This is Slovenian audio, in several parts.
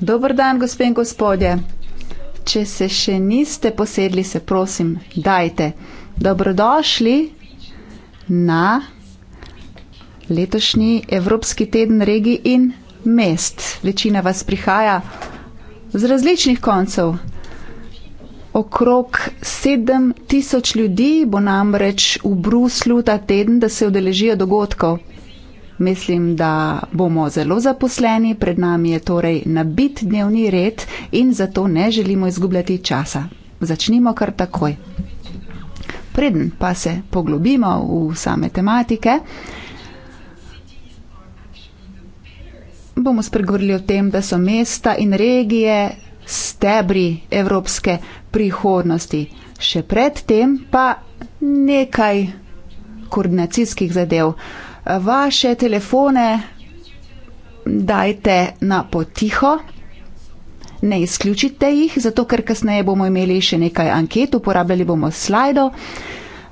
Dobr dan, gospe in gospodje. Če se še niste posedli, se prosim, dajte. Dobrodošli na letošnji Evropski teden regij in mest. Večina vas prihaja z različnih koncev. Okrog 7000 ljudi bo namreč v Bruslu ta teden, da se odeležijo dogodkov. Mislim, da bomo zelo zaposleni, pred nami je torej nabit dnevni red in zato ne želimo izgubljati časa. Začnimo kar takoj. Preden pa se poglobimo v same tematike, bomo spregovorili o tem, da so mesta in regije stebri evropske prihodnosti. Še predtem pa nekaj koordinacijskih zadev vaše telefone dajte na potiho. Ne izključite jih, zato ker kasneje bomo imeli še nekaj anket, uporabljali bomo slajdo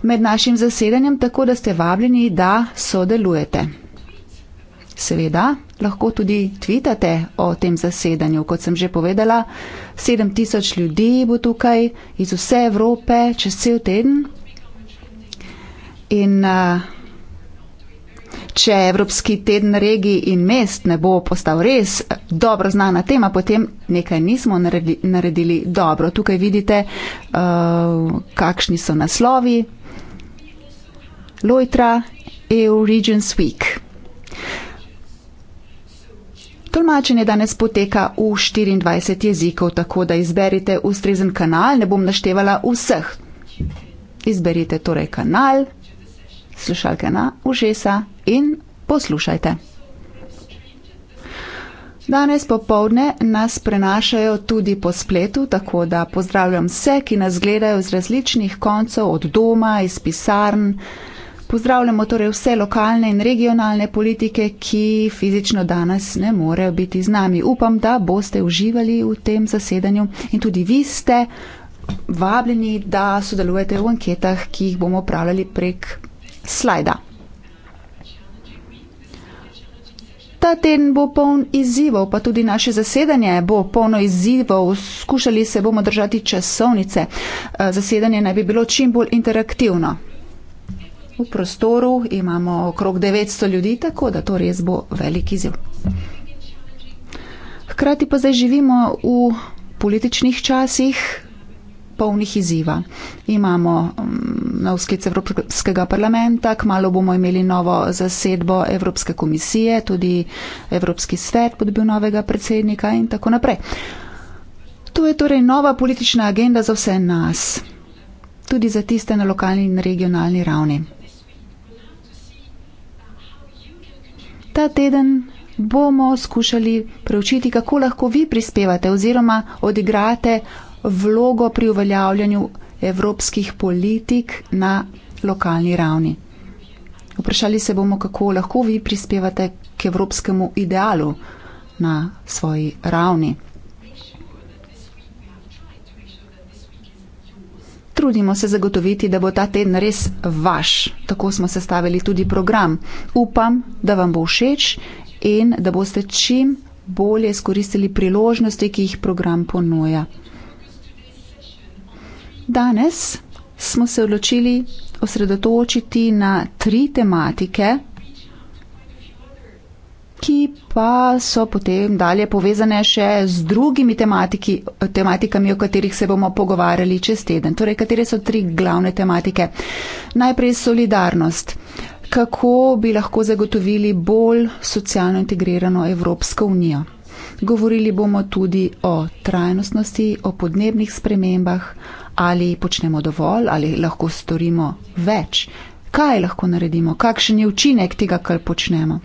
med našim zasedanjem, tako da ste vabljeni, da sodelujete. Seveda, lahko tudi tvitate o tem zasedanju. Kot sem že povedala, 7000 ljudi bo tukaj iz vse Evrope čez cel teden. In uh, Če Evropski teden regij in mest ne bo postal res eh, dobro znana tema, potem nekaj nismo naredili, naredili dobro. Tukaj vidite, uh, kakšni so naslovi. Lojtra, EU Regions Week. Tolmačenje danes poteka v 24 jezikov, tako da izberite ustrezen kanal, ne bom naštevala vseh. Izberite torej kanal, slušalke na ušesa in poslušajte. Danes popovdne nas prenašajo tudi po spletu, tako da pozdravljam vse, ki nas gledajo z različnih koncev, od doma, iz pisarn. Pozdravljamo torej vse lokalne in regionalne politike, ki fizično danes ne morejo biti z nami. Upam, da boste uživali v tem zasedanju in tudi vi ste vabljeni, da sodelujete v anketah, ki jih bomo pravljali prek slajda. Ta teden bo poln izzivov, pa tudi naše zasedanje bo polno izzivov. Skušali se bomo držati časovnice. Eh, zasedanje naj bi bilo čim bolj interaktivno. V prostoru imamo okrog 900 ljudi, tako da to res bo velik izziv. Hkrati pa zdaj živimo v političnih časih, polnih izziva. Imamo mm, nov sklic Evropskega parlamenta, kmalo bomo imeli novo zasedbo Evropske komisije, tudi Evropski svet bo dobil novega predsednika in tako naprej. To je torej nova politična agenda za vse nas, tudi za tiste na lokalni in regionalni ravni. Ta teden bomo skušali preučiti, kako lahko vi prispevate oziroma odigrate vlogo pri uveljavljanju evropskih politik na lokalni ravni. Vprašali se bomo, kako lahko vi prispevate k evropskemu idealu na svoji ravni. Trudimo se zagotoviti, da bo ta teden res vaš. Tako smo sestavili tudi program. Upam, da vam bo všeč in da boste čim bolje izkoristili priložnosti, ki jih program ponuja. Danes smo se odločili osredotočiti na tri tematike, ki pa so potem dalje povezane še z drugimi tematiki, tematikami, o katerih se bomo pogovarjali čez teden. Torej, katere so tri glavne tematike? Najprej solidarnost. Kako bi lahko zagotovili bolj socialno integrirano Evropsko unijo? Govorili bomo tudi o trajnostnosti, o podnebnih spremembah, ali počnemo dovolj, ali lahko storimo več, kaj lahko naredimo, kakšen je učinek tega, kar počnemo.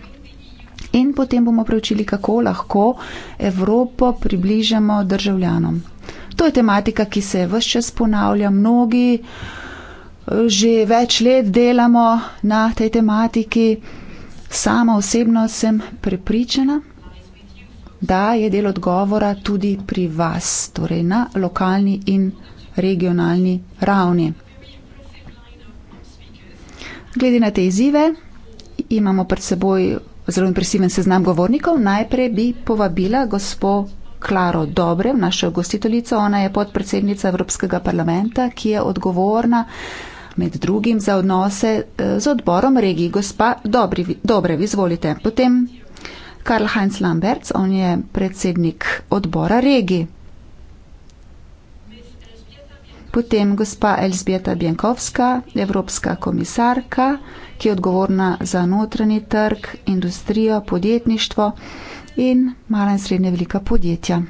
In potem bomo preučili, kako lahko Evropo približamo državljanom. To je tematika, ki se vse čas ponavlja, mnogi eh, že več let delamo na tej tematiki. Sama osebno sem prepričana, da je del odgovora tudi pri vas, torej na lokalni in regionalni ravni. Glede na te izzive imamo pred seboj zelo impresiven seznam govornikov. Najprej bi povabila gospo Klaro Dobre, našo gostiteljico. Ona je podpredsednica Evropskega parlamenta, ki je odgovorna med drugim za odnose eh, z odborom regiji. Gospa Dobri, Dobre, izvolite. Potem Karl Heinz Lamberts, on je predsednik odbora regiji potem gospa Elzbieta Bjankovska, evropska komisarka, ki je odgovorna za notranji trg, industrijo, podjetništvo in mala in srednje velika podjetja.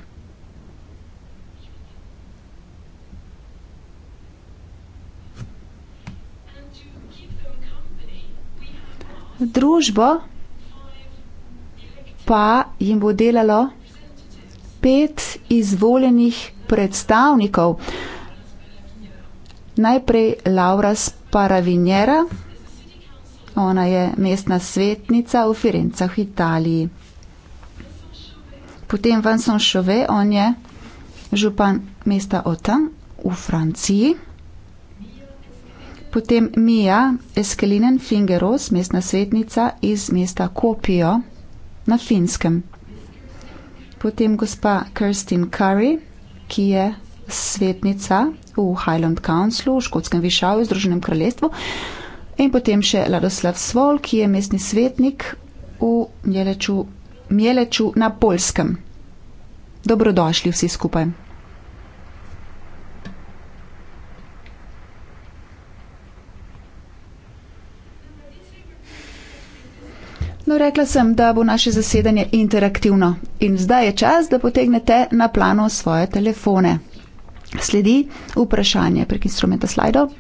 Družbo pa jim bo delalo pet izvoljenih predstavnikov. Najprej Laura Sparavinjera, ona je mestna svetnica v Firencah v Italiji. Potem Vincent Chauvet, on je župan mesta Otan v Franciji. Potem Mija Eskelinen Fingeros, mestna svetnica iz mesta Kopijo na Finskem. Potem gospa Kirstin Curry, ki je svetnica v Highland Councilu, v škotskem višavju, v Združenem kraljestvu. In potem še Ladoslav Svol, ki je mestni svetnik v Mjeleču, Mjeleču na Polskem. Dobrodošli vsi skupaj. No, rekla sem, da bo naše zasedanje interaktivno in zdaj je čas, da potegnete na plano svoje telefone sledi vprašanje prek instrumenta slajdov.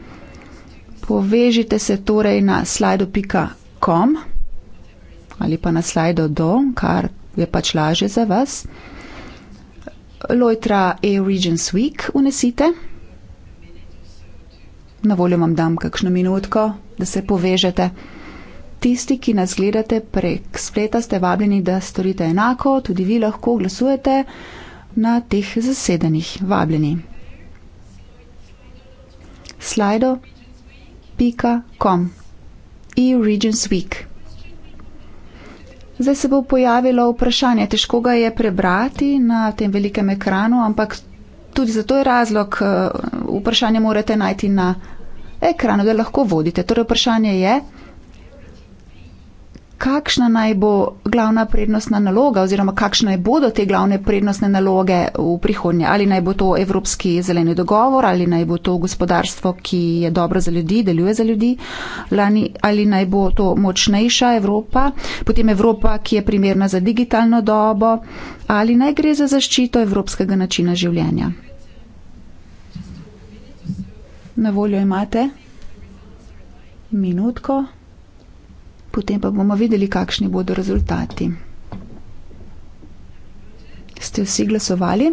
Povežite se torej na slajdo.com ali pa na slajdo do, kar je pač laže za vas. Lojtra A-Regions Week unesite. Na voljo vam dam kakšno minutko, da se povežete. Tisti, ki nas gledate prek spleta, ste vabljeni, da storite enako, tudi vi lahko glasujete na teh zasedanjih. Vabljeni slido.com EU Regions Week. Zdaj se bo pojavilo vprašanje, težko ga je prebrati na tem velikem ekranu, ampak tudi zato je razlog, eh, vprašanje morate najti na ekranu, da lahko vodite. Torej vprašanje je, kakšna naj bo glavna prednostna naloga oziroma kakšne bodo te glavne prednostne naloge v prihodnje. Ali naj bo to Evropski zeleni dogovor, ali naj bo to gospodarstvo, ki je dobro za ljudi, deluje za ljudi, Lani, ali naj bo to močnejša Evropa, potem Evropa, ki je primerna za digitalno dobo, ali naj gre za zaščito evropskega načina življenja. Na voljo imate minutko potem pa bomo videli, kakšni bodo rezultati. Ste vsi glasovali?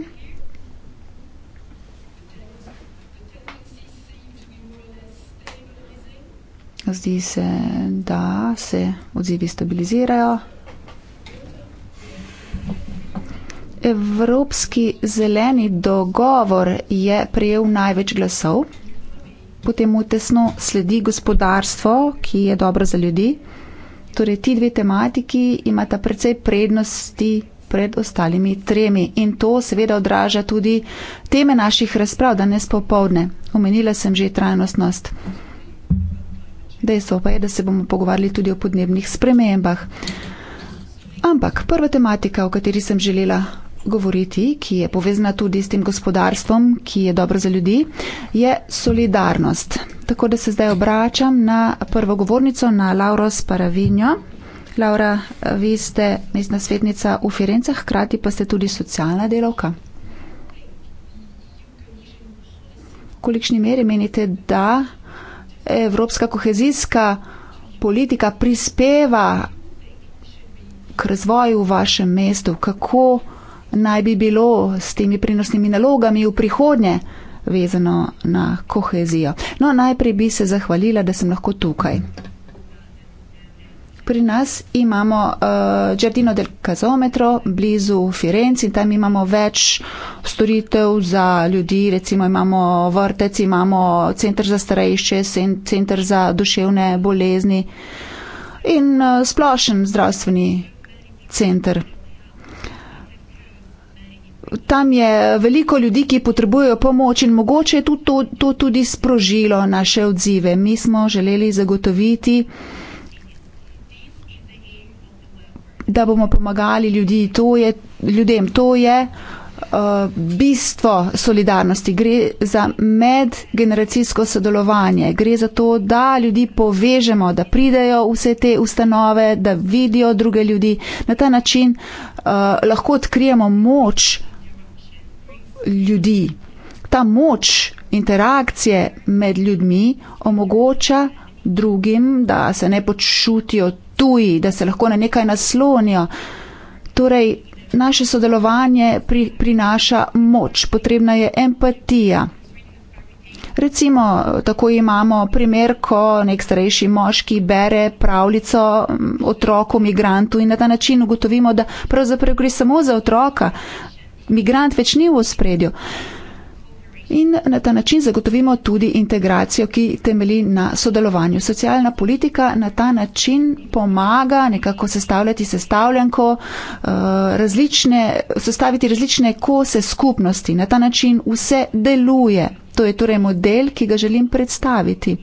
Zdi se, da se odzivi stabilizirajo. Evropski zeleni dogovor je prejel največ glasov, potem mu tesno sledi gospodarstvo, ki je dobro za ljudi. Torej, ti dve tematiki imata precej prednosti pred ostalimi tremi in to seveda odraža tudi teme naših razprav danes popovdne. Omenila sem že trajnostnost. Dejstvo pa je, da se bomo pogovarjali tudi o podnebnih spremembah. Ampak prva tematika, o kateri sem želela govoriti, ki je povezana tudi s tem gospodarstvom, ki je dobro za ljudi, je solidarnost. Tako da se zdaj obračam na prvo govornico, na Lauro Sparavinjo. Laura, vi ste mestna svetnica v Firencah, hkrati pa ste tudi socialna delovka. Kolikšni meri menite, da evropska kohezijska politika prispeva k razvoju v vašem mestu? Kako? naj bi bilo s temi prinosnimi nalogami v prihodnje vezano na kohezijo. No, najprej bi se zahvalila, da sem lahko tukaj. Pri nas imamo uh, Giardino del Kazometro blizu Firenci in tam imamo več storitev za ljudi, recimo imamo vrtec, imamo centr za starejše, centr za duševne bolezni in uh, splošen zdravstveni centr tam je veliko ljudi, ki potrebujejo pomoč in mogoče je tudi to, to tudi sprožilo naše odzive. Mi smo želeli zagotoviti, da bomo pomagali ljudi. To je, ljudem. To je uh, bistvo solidarnosti. Gre za medgeneracijsko sodelovanje. Gre za to, da ljudi povežemo, da pridejo vse te ustanove, da vidijo druge ljudi. Na ta način uh, lahko odkrijemo moč, ljudi. Ta moč interakcije med ljudmi omogoča drugim, da se ne počutijo tuji, da se lahko na nekaj naslonijo. Torej, naše sodelovanje pri, prinaša moč, potrebna je empatija. Recimo, tako imamo primer, ko nek starejši moški bere pravljico otroku, migrantu in na ta način ugotovimo, da pravzaprav gre samo za otroka, migrant več ni v ospredju. In na ta način zagotovimo tudi integracijo, ki temeli na sodelovanju. Socialna politika na ta način pomaga nekako sestavljati sestavljanko, eh, različne, sestaviti različne kose skupnosti. Na ta način vse deluje. To je torej model, ki ga želim predstaviti.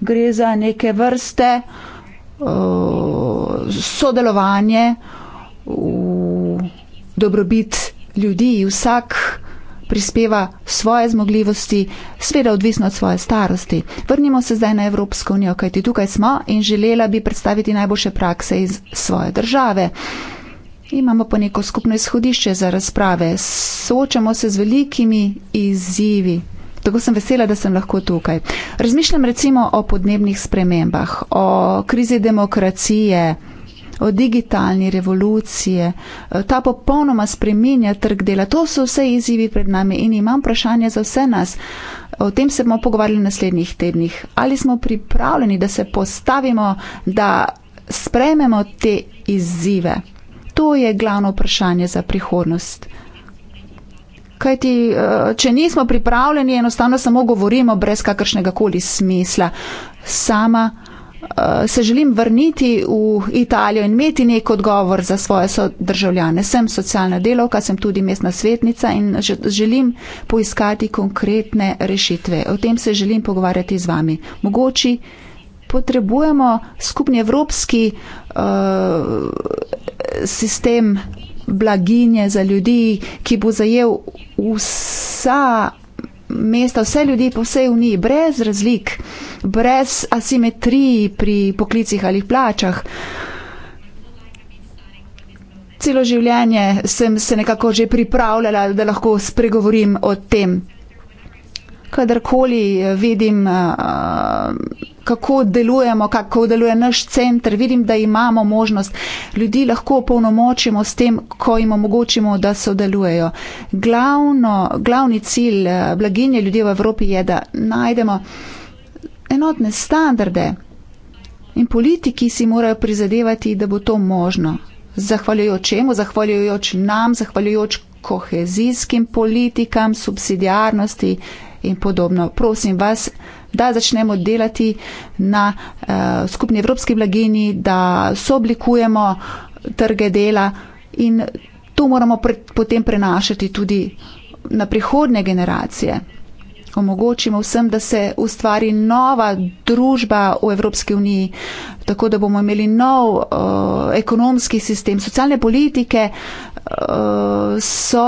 Gre za neke vrste eh, sodelovanje v dobrobit ljudi. Vsak prispeva svoje zmogljivosti, sveda odvisno od svoje starosti. Vrnimo se zdaj na Evropsko unijo, kajti tukaj smo in želela bi predstaviti najboljše prakse iz svoje države. Imamo pa neko skupno izhodišče za razprave. Soočamo se z velikimi izzivi. Tako sem vesela, da sem lahko tukaj. Razmišljam recimo o podnebnih spremembah, o krizi demokracije od digitalni revolucije, ta popolnoma spreminja trg dela. To so vse izzivi pred nami in imam vprašanje za vse nas. O tem se bomo pogovarjali v naslednjih tednih. Ali smo pripravljeni, da se postavimo, da sprejmemo te izzive? To je glavno vprašanje za prihodnost. Kaj ti, eh, če nismo pripravljeni, enostavno samo govorimo brez kakršnega koli smisla. Sama Eh, se želim vrniti v Italijo in imeti nek odgovor za svoje državljane. Sem socialna delovka, sem tudi mestna svetnica in želim poiskati konkretne rešitve. O tem se želim pogovarjati z vami. Mogoče potrebujemo skupni evropski uh, sistem blaginje za ljudi, ki bo zajel vsa mesta, vse ljudi po vsej Uniji, brez razlik, brez asimetrij pri poklicih ali plačah. Celo življenje sem se nekako že pripravljala, da lahko spregovorim o tem kadarkoli eh, vidim, eh, kako delujemo, kako deluje naš center, vidim, da imamo možnost. Ljudi lahko polnomočimo s tem, ko jim omogočimo, da sodelujejo. Glavno, glavni cilj eh, blaginje ljudi v Evropi je, da najdemo enotne standarde in politiki si morajo prizadevati, da bo to možno. Zahvaljujoč čemu? Zahvaljujoč nam, zahvaljujoč kohezijskim politikam, subsidijarnosti, in podobno. Prosim vas, da začnemo delati na uh, skupni evropski blagini, da sooblikujemo trge dela in to moramo pre potem prenašati tudi na prihodne generacije. Omogočimo vsem, da se ustvari nova družba v Evropski uniji, tako da bomo imeli nov uh, ekonomski sistem. Socialne politike uh, so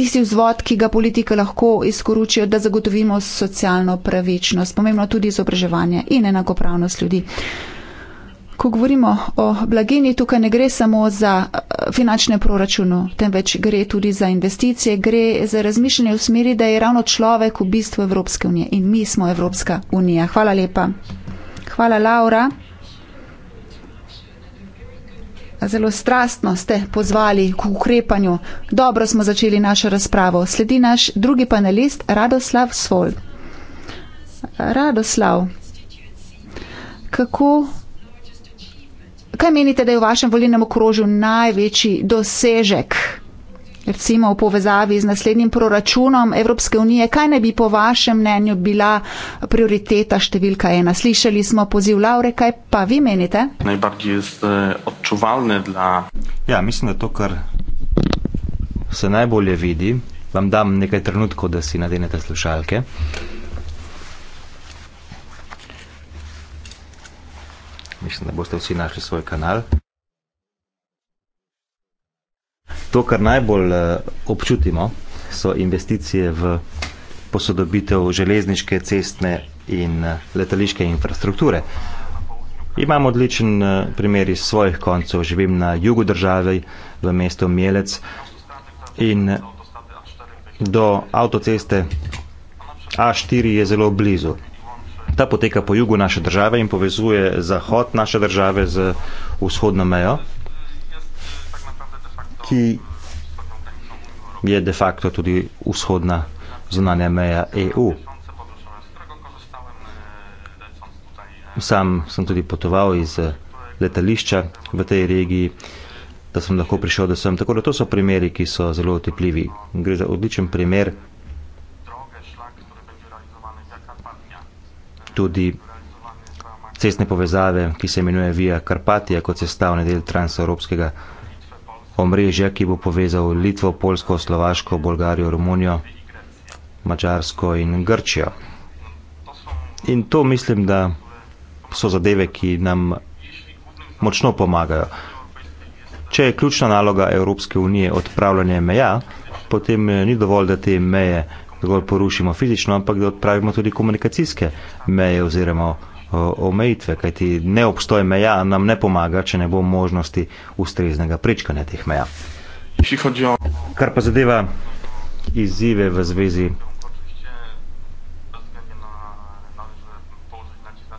tisti vzvod, ki ga politike lahko izkoručijo, da zagotovimo socialno pravičnost, pomembno tudi izobraževanje in enakopravnost ljudi. Ko govorimo o blagini, tukaj ne gre samo za eh, finančne proračune, temveč gre tudi za investicije, gre za razmišljanje v smeri, da je ravno človek v bistvu Evropske unije in mi smo Evropska unija. Hvala lepa. Hvala, Laura zelo strastno ste pozvali k ukrepanju. Dobro smo začeli našo razpravo. Sledi naš drugi panelist, Radoslav Svol. Radoslav, kako, kaj menite, da je v vašem volilnem okrožju največji dosežek? recimo v povezavi z naslednjim proračunom Evropske unije, kaj ne bi po vašem mnenju bila prioriteta številka ena? Slišali smo poziv Laure, kaj pa vi menite? Najbardziej jest e, odczuwalne dla. Ja, mislim, da to, kar se najbolje vidi, vam dam nekaj trenutkov, da si nadenete slušalke. Mislim, da boste vsi našli svoj kanal. To, kar najbolj eh, občutimo, so investicije v posodobitev železniške, cestne in eh, letališke infrastrukture. Imam odličen eh, primer iz svojih koncev, živim na jugu države, v mestu Mielec in do avtoceste A4 je zelo blizu. Ta poteka po jugu naše države in povezuje zahod naše države z vzhodno mejo ki je de facto tudi vzhodna zunanja meja EU. Sam sem tudi potoval iz eh, letališča v tej regiji, da sem lahko prišel, da sem. Tako da to so primeri, ki so zelo otepljivi. Gre za odličen primer tudi cestne povezave, ki se imenuje Via Carpatia kot sestavni del transevropskega omrežja, ki bo povezal Litvo, Polsko, Slovaško, Bolgarijo, Romunijo, Mačarsko in Grčijo. In to mislim, da so zadeve, ki nam močno pomagajo. Če je ključna naloga Evropske unije odpravljanje meja, potem eh, ni dovolj, da te meje zgolj porušimo fizično, ampak da odpravimo tudi komunikacijske meje oziroma omejitve, kajti ne obstoj meja nam ne pomaga, če ne bo možnosti ustreznega prečkanja teh meja. Ja. Kar pa zadeva izzive v zvezi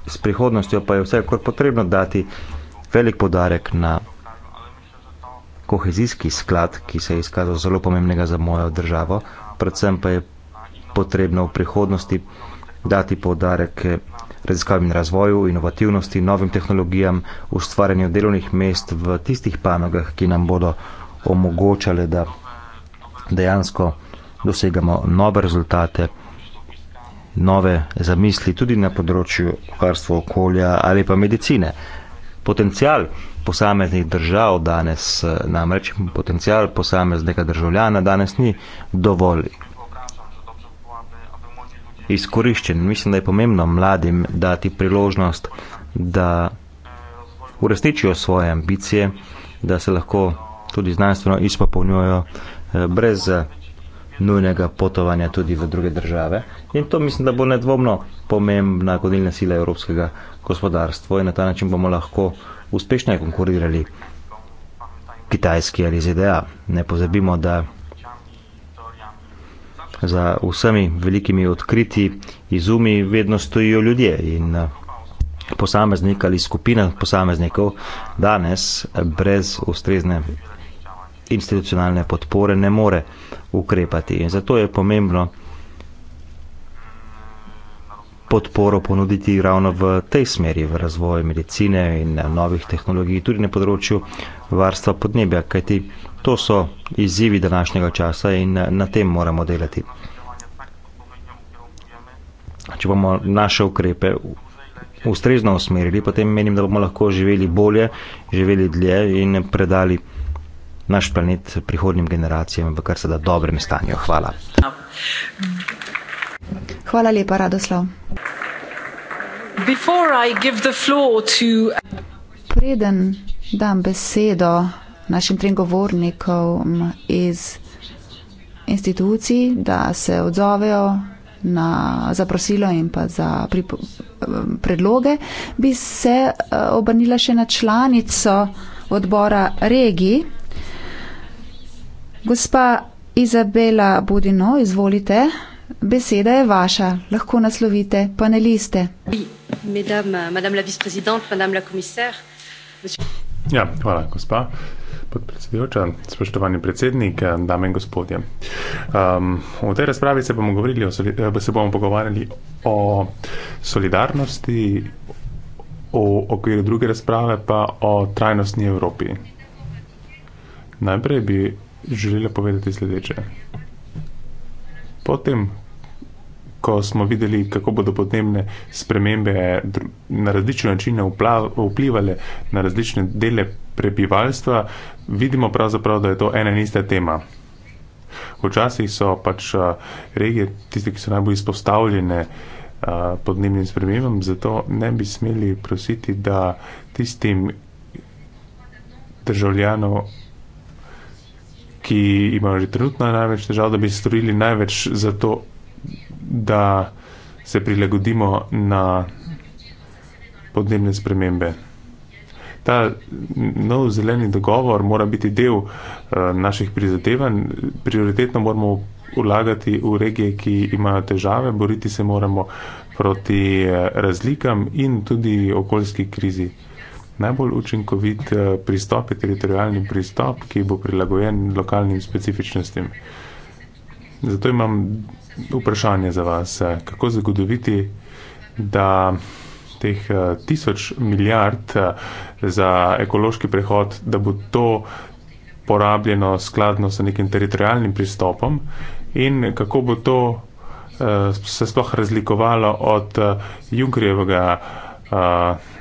s prihodnostjo, pa je vsekakor potrebno dati velik podarek na kohezijski sklad, ki se je izkazal zelo pomembnega za mojo državo, predvsem pa je potrebno v prihodnosti dati podarek raziskavam in razvoju, inovativnosti, novim tehnologijam, ustvarjanju delovnih mest v tistih panogah, ki nam bodo omogočale, da dejansko dosegamo nove rezultate, nove zamisli tudi na področju varstva okolja ali pa medicine. Potencial posameznih držav danes, eh, namreč potencial posameznega državljana danes ni dovolj izkoriščen. Mislim, da je pomembno mladim dati priložnost, da uresničijo svoje ambicije, da se lahko tudi znanstveno izpopolnjujejo eh, brez eh, nujnega potovanja tudi v druge države. In to mislim, da bo nedvomno pomembna godilna sila evropskega gospodarstva in na ta način bomo lahko uspešno konkurirali Kitajski ali ZDA. Ne pozabimo, da za vsemi velikimi odkriti, izumi, vedno stojijo ljudje in eh, posameznik ali skupina posameznikov danes eh, brez ustrezne institucionalne podpore ne more ukrepati. In zato je pomembno podporo ponuditi ravno v tej smeri, v razvoju medicine in eh, novih tehnologij, tudi na področju varstva podnebja, kajti To so izzivi današnjega časa in eh, na tem moramo delati. Če bomo naše ukrepe ustrezno usmerili, potem menim, da bomo lahko živeli bolje, živeli dlje in predali naš planet prihodnim generacijam v kar se da dobrem stanju. Hvala. Hvala lepa, Radoslav. Preden dam besedo našim trem govornikom iz institucij, da se odzovejo na zaprosilo in pa za predloge, bi se eh, obrnila še na članico odbora regi. Gospa Izabela Budino, izvolite, beseda je vaša, lahko naslovite paneliste. Ja, hvala, gospa podpredsedujoča, spoštovani predsednik, eh, dame in gospodje. Um, v tej razpravi se bomo, soli, eh, se bomo pogovarjali o solidarnosti, o okviru druge razprave pa o trajnostni Evropi. Najprej bi želela povedati sledeče. Potem, ko smo videli, kako bodo podnebne spremembe na različne načine vplivali na različne dele prebivalstva, uh, vidimo pravzaprav, da je to ena in ista tema. Včasih so pač regije tiste, ki so najbolj izpostavljene podnebnim spremembam, zato ne bi smeli prositi, da tistim državljanom, ki imajo že trenutno največ težav, da bi storili največ za to, da se prilagodimo na podnebne spremembe ta nov zeleni dogovor mora biti del uh, naših prizadevanj. Prioritetno moramo ulagati v regije, ki imajo težave, boriti se moramo proti eh, razlikam in tudi okoljski krizi. Najbolj učinkovit eh, pristop je teritorijalni pristop, ki bo prilagojen lokalnim specifičnostim. Zato imam vprašanje za vas, kako zagotoviti, da teh uh, tisoč milijard uh, za ekološki prehod, da bo to porabljeno skladno s nekim teritorijalnim pristopom in kako bo to uh, se sploh razlikovalo od uh, Junkrijevega uh,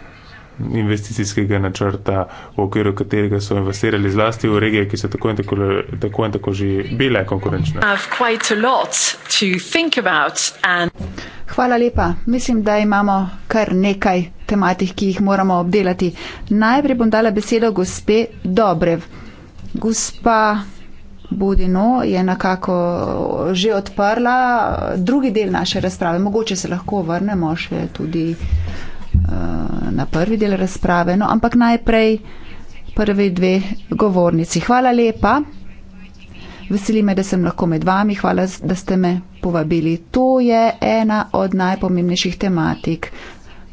investicijskega načrta, v okviru katerega so investirali zlasti v regije, ki so tako in tako, tako, in tako že bile konkurenčne. Hvala lepa. Mislim, da imamo kar nekaj tematik, ki jih moramo obdelati. Najprej bom dala besedo gospe Dobrev. Gospa Budino je nekako že odprla drugi del naše razprave. Mogoče se lahko vrnemo še tudi. Uh, na prvi del razprave, no, ampak najprej prvi dve govornici. Hvala lepa. Veseli me, da sem lahko med vami. Hvala, da ste me povabili. To je ena od najpomembnejših tematik.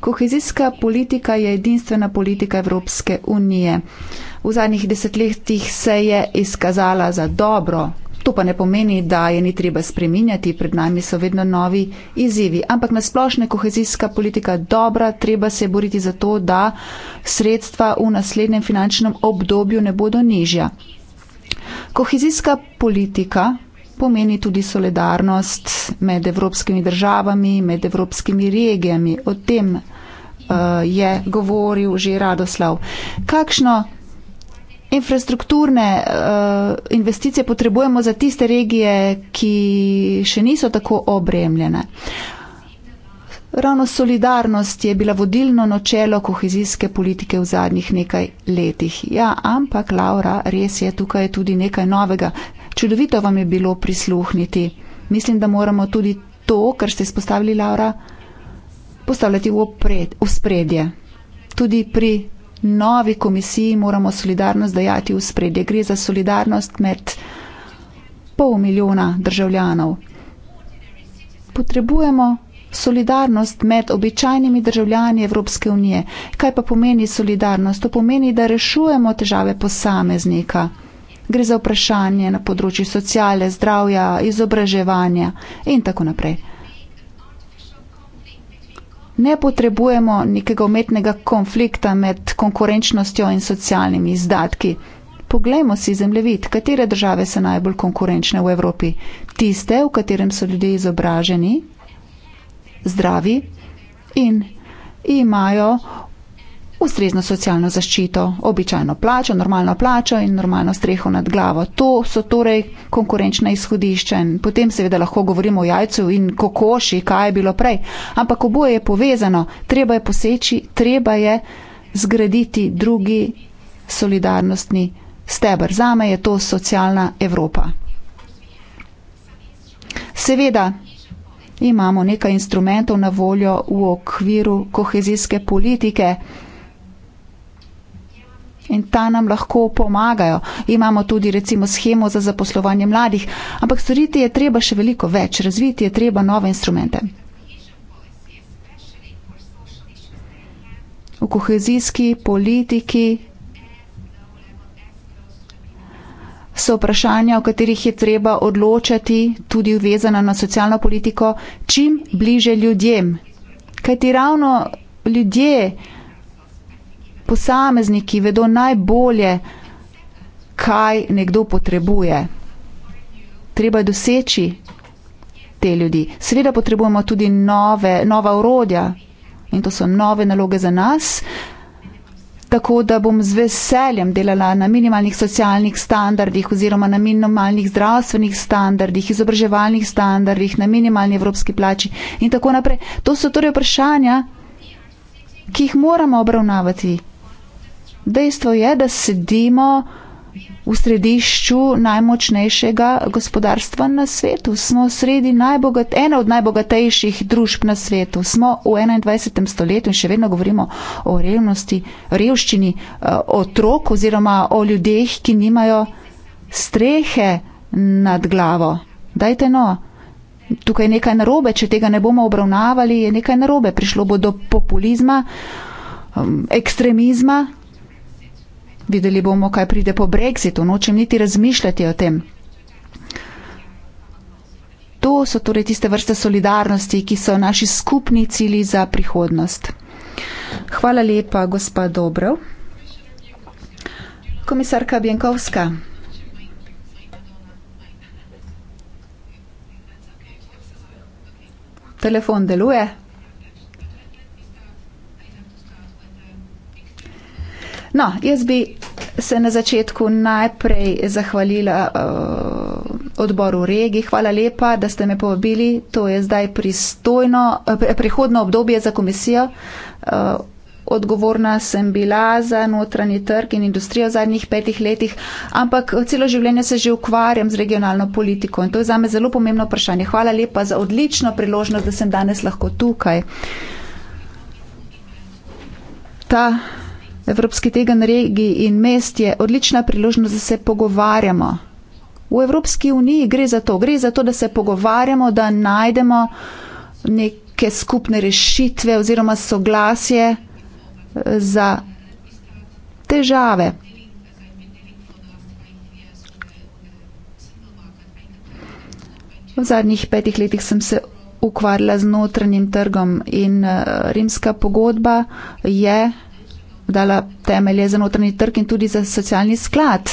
Kohezijska politika je edinstvena politika Evropske unije. V zadnjih desetletjih se je izkazala za dobro To pa ne pomeni, da je ni treba spreminjati, pred nami so vedno novi izzivi. Ampak nasplošna je kohezijska politika dobra, treba se boriti za to, da sredstva v naslednjem finančnem obdobju ne bodo nižja. Kohezijska politika pomeni tudi solidarnost med evropskimi državami, med evropskimi regijami. O tem uh, je govoril že Radoslav. Kakšno infrastrukturne uh, investicije potrebujemo za tiste regije, ki še niso tako obremljene. Ravno solidarnost je bila vodilno načelo kohezijske politike v zadnjih nekaj letih. Ja, ampak, Laura, res je tukaj tudi nekaj novega. Čudovito vam je bilo prisluhniti. Mislim, da moramo tudi to, kar ste izpostavili, Laura, postavljati v spredje. Tudi pri novi komisiji moramo solidarnost dajati v spredje. Gre za solidarnost med pol milijona državljanov. Potrebujemo solidarnost med običajnimi državljani Evropske unije. Kaj pa pomeni solidarnost? To pomeni, da rešujemo težave posameznika. Gre za vprašanje na področju sociale, zdravja, izobraževanja in tako naprej ne potrebujemo nekega umetnega konflikta med konkurenčnostjo in socialnimi izdatki. Poglejmo si zemljevid, katere države so najbolj konkurenčne v Evropi. Tiste, v katerem so ljudje izobraženi, zdravi in imajo ustrezno socialno zaščito, običajno plačo, normalno plačo in normalno streho nad glavo. To so torej konkurenčna izhodišča in potem seveda lahko govorimo o jajcu in kokoši, kaj je bilo prej. Ampak oboje je povezano, treba je poseči, treba je zgraditi drugi solidarnostni stebr. Zame je to socialna Evropa. Seveda imamo nekaj instrumentov na voljo v okviru kohezijske politike in ta nam lahko pomagajo. Imamo tudi recimo schemo za zaposlovanje mladih, ampak storiti je treba še veliko več, razviti je treba nove instrumente. V kohezijski politiki so vprašanja, o katerih je treba odločati, tudi vezana na socialno politiko, čim bliže ljudem. Kajti ravno ljudje, posamezniki vedo najbolje, kaj nekdo potrebuje. Treba je doseči te ljudi. Seveda potrebujemo tudi nove, nova urodja in to so nove naloge za nas. Tako da bom z veseljem delala na minimalnih socialnih standardih oziroma na minimalnih zdravstvenih standardih, izobraževalnih standardih, na minimalni evropski plači in tako naprej. To so torej vprašanja, ki jih moramo obravnavati Dejstvo je, da sedimo v središču najmočnejšega gospodarstva na svetu. Smo sredi najbogat, ena od najbogatejših družb na svetu. Smo v 21. stoletju in še vedno govorimo o revnosti, revščini eh, otrok oziroma o ljudeh, ki nimajo strehe nad glavo. Dajte no. Tukaj je nekaj narobe, če tega ne bomo obravnavali, je nekaj narobe. Prišlo bo do populizma, ekstremizma, videli bomo, kaj pride po brexitu, nočem niti razmišljati o tem. To so torej tiste vrste solidarnosti, ki so naši skupni cili za prihodnost. Hvala lepa, gospa Dobrov. Komisarka Bjenkovska. Telefon deluje. No, jaz bi se na začetku najprej zahvalila uh, odboru regi. Hvala lepa, da ste me povabili. To je zdaj pristojno, eh, prihodno obdobje za komisijo. Uh, Odgovorna sem bila za notranji trg in industrijo v zadnjih petih letih, ampak celo življenje se že ukvarjam z regionalno politiko in to je za me zelo pomembno vprašanje. Hvala lepa za odlično priložnost, da sem danes lahko tukaj. Ta Evropski teden regij in mest je odlična priložnost, da se pogovarjamo. V Evropski uniji gre za to, gre za to, da se pogovarjamo, da najdemo neke skupne rešitve oziroma soglasje eh, za težave. V zadnjih petih letih sem se ukvarjala z notranjim trgom in eh, rimska pogodba je dala temelje za notranji trg in tudi za socialni sklad.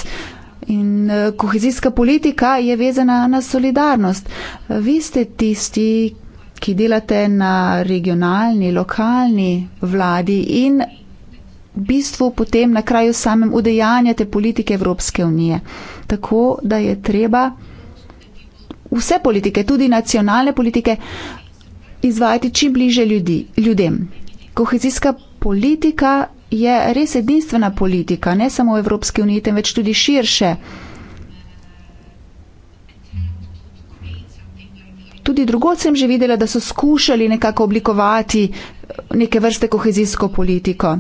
In eh, kohezijska politika je vezana na solidarnost. Vi ste tisti, ki delate na regionalni, lokalni vladi in v bistvu potem na kraju samem udejanjate politike Evropske unije. Tako da je treba vse politike, tudi nacionalne politike, izvajati čim bliže ljudi, ljudem. Kohezijska politika je res edinstvena politika, ne samo v Evropski uniji, temveč tudi širše. Tudi drugod sem že videla, da so skušali nekako oblikovati eh, neke vrste kohezijsko politiko.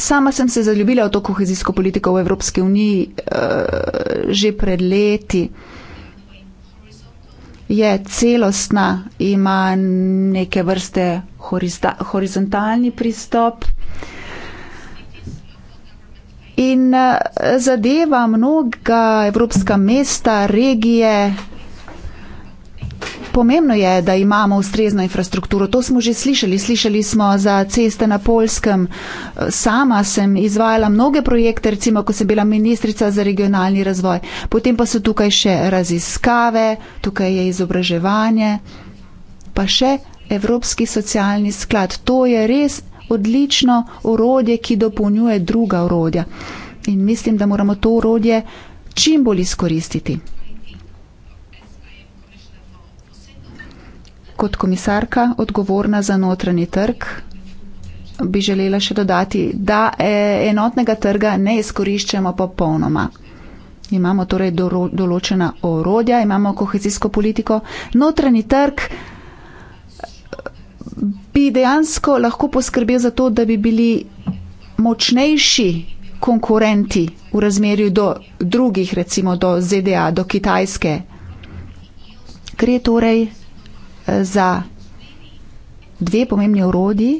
Sama sem se zaljubila v to kohezijsko politiko v Evropski uniji uh, že pred leti. Je celostna, ima neke vrste horizontalni pristop in eh, zadeva mnoga evropska mesta, regije. Pomembno je, da imamo ustrezno infrastrukturo. To smo že slišali. Slišali smo za ceste na Polskem. Eh, sama sem izvajala mnoge projekte, recimo, ko sem bila ministrica za regionalni razvoj. Potem pa so tukaj še raziskave, tukaj je izobraževanje, pa še Evropski socialni sklad. To je res odlično orodje, ki dopolnjuje druga orodja. In mislim, da moramo to orodje čim bolj izkoristiti. Kot komisarka, odgovorna za notranji trg, bi želela še dodati, da e, enotnega trga ne izkoriščamo popolnoma. Imamo torej določena orodja, imamo kohezijsko politiko, notranji trg bi dejansko lahko poskrbel za to, da bi bili močnejši konkurenti v razmerju do drugih, recimo do ZDA, do Kitajske. Gre torej eh, za dve pomembni urodi,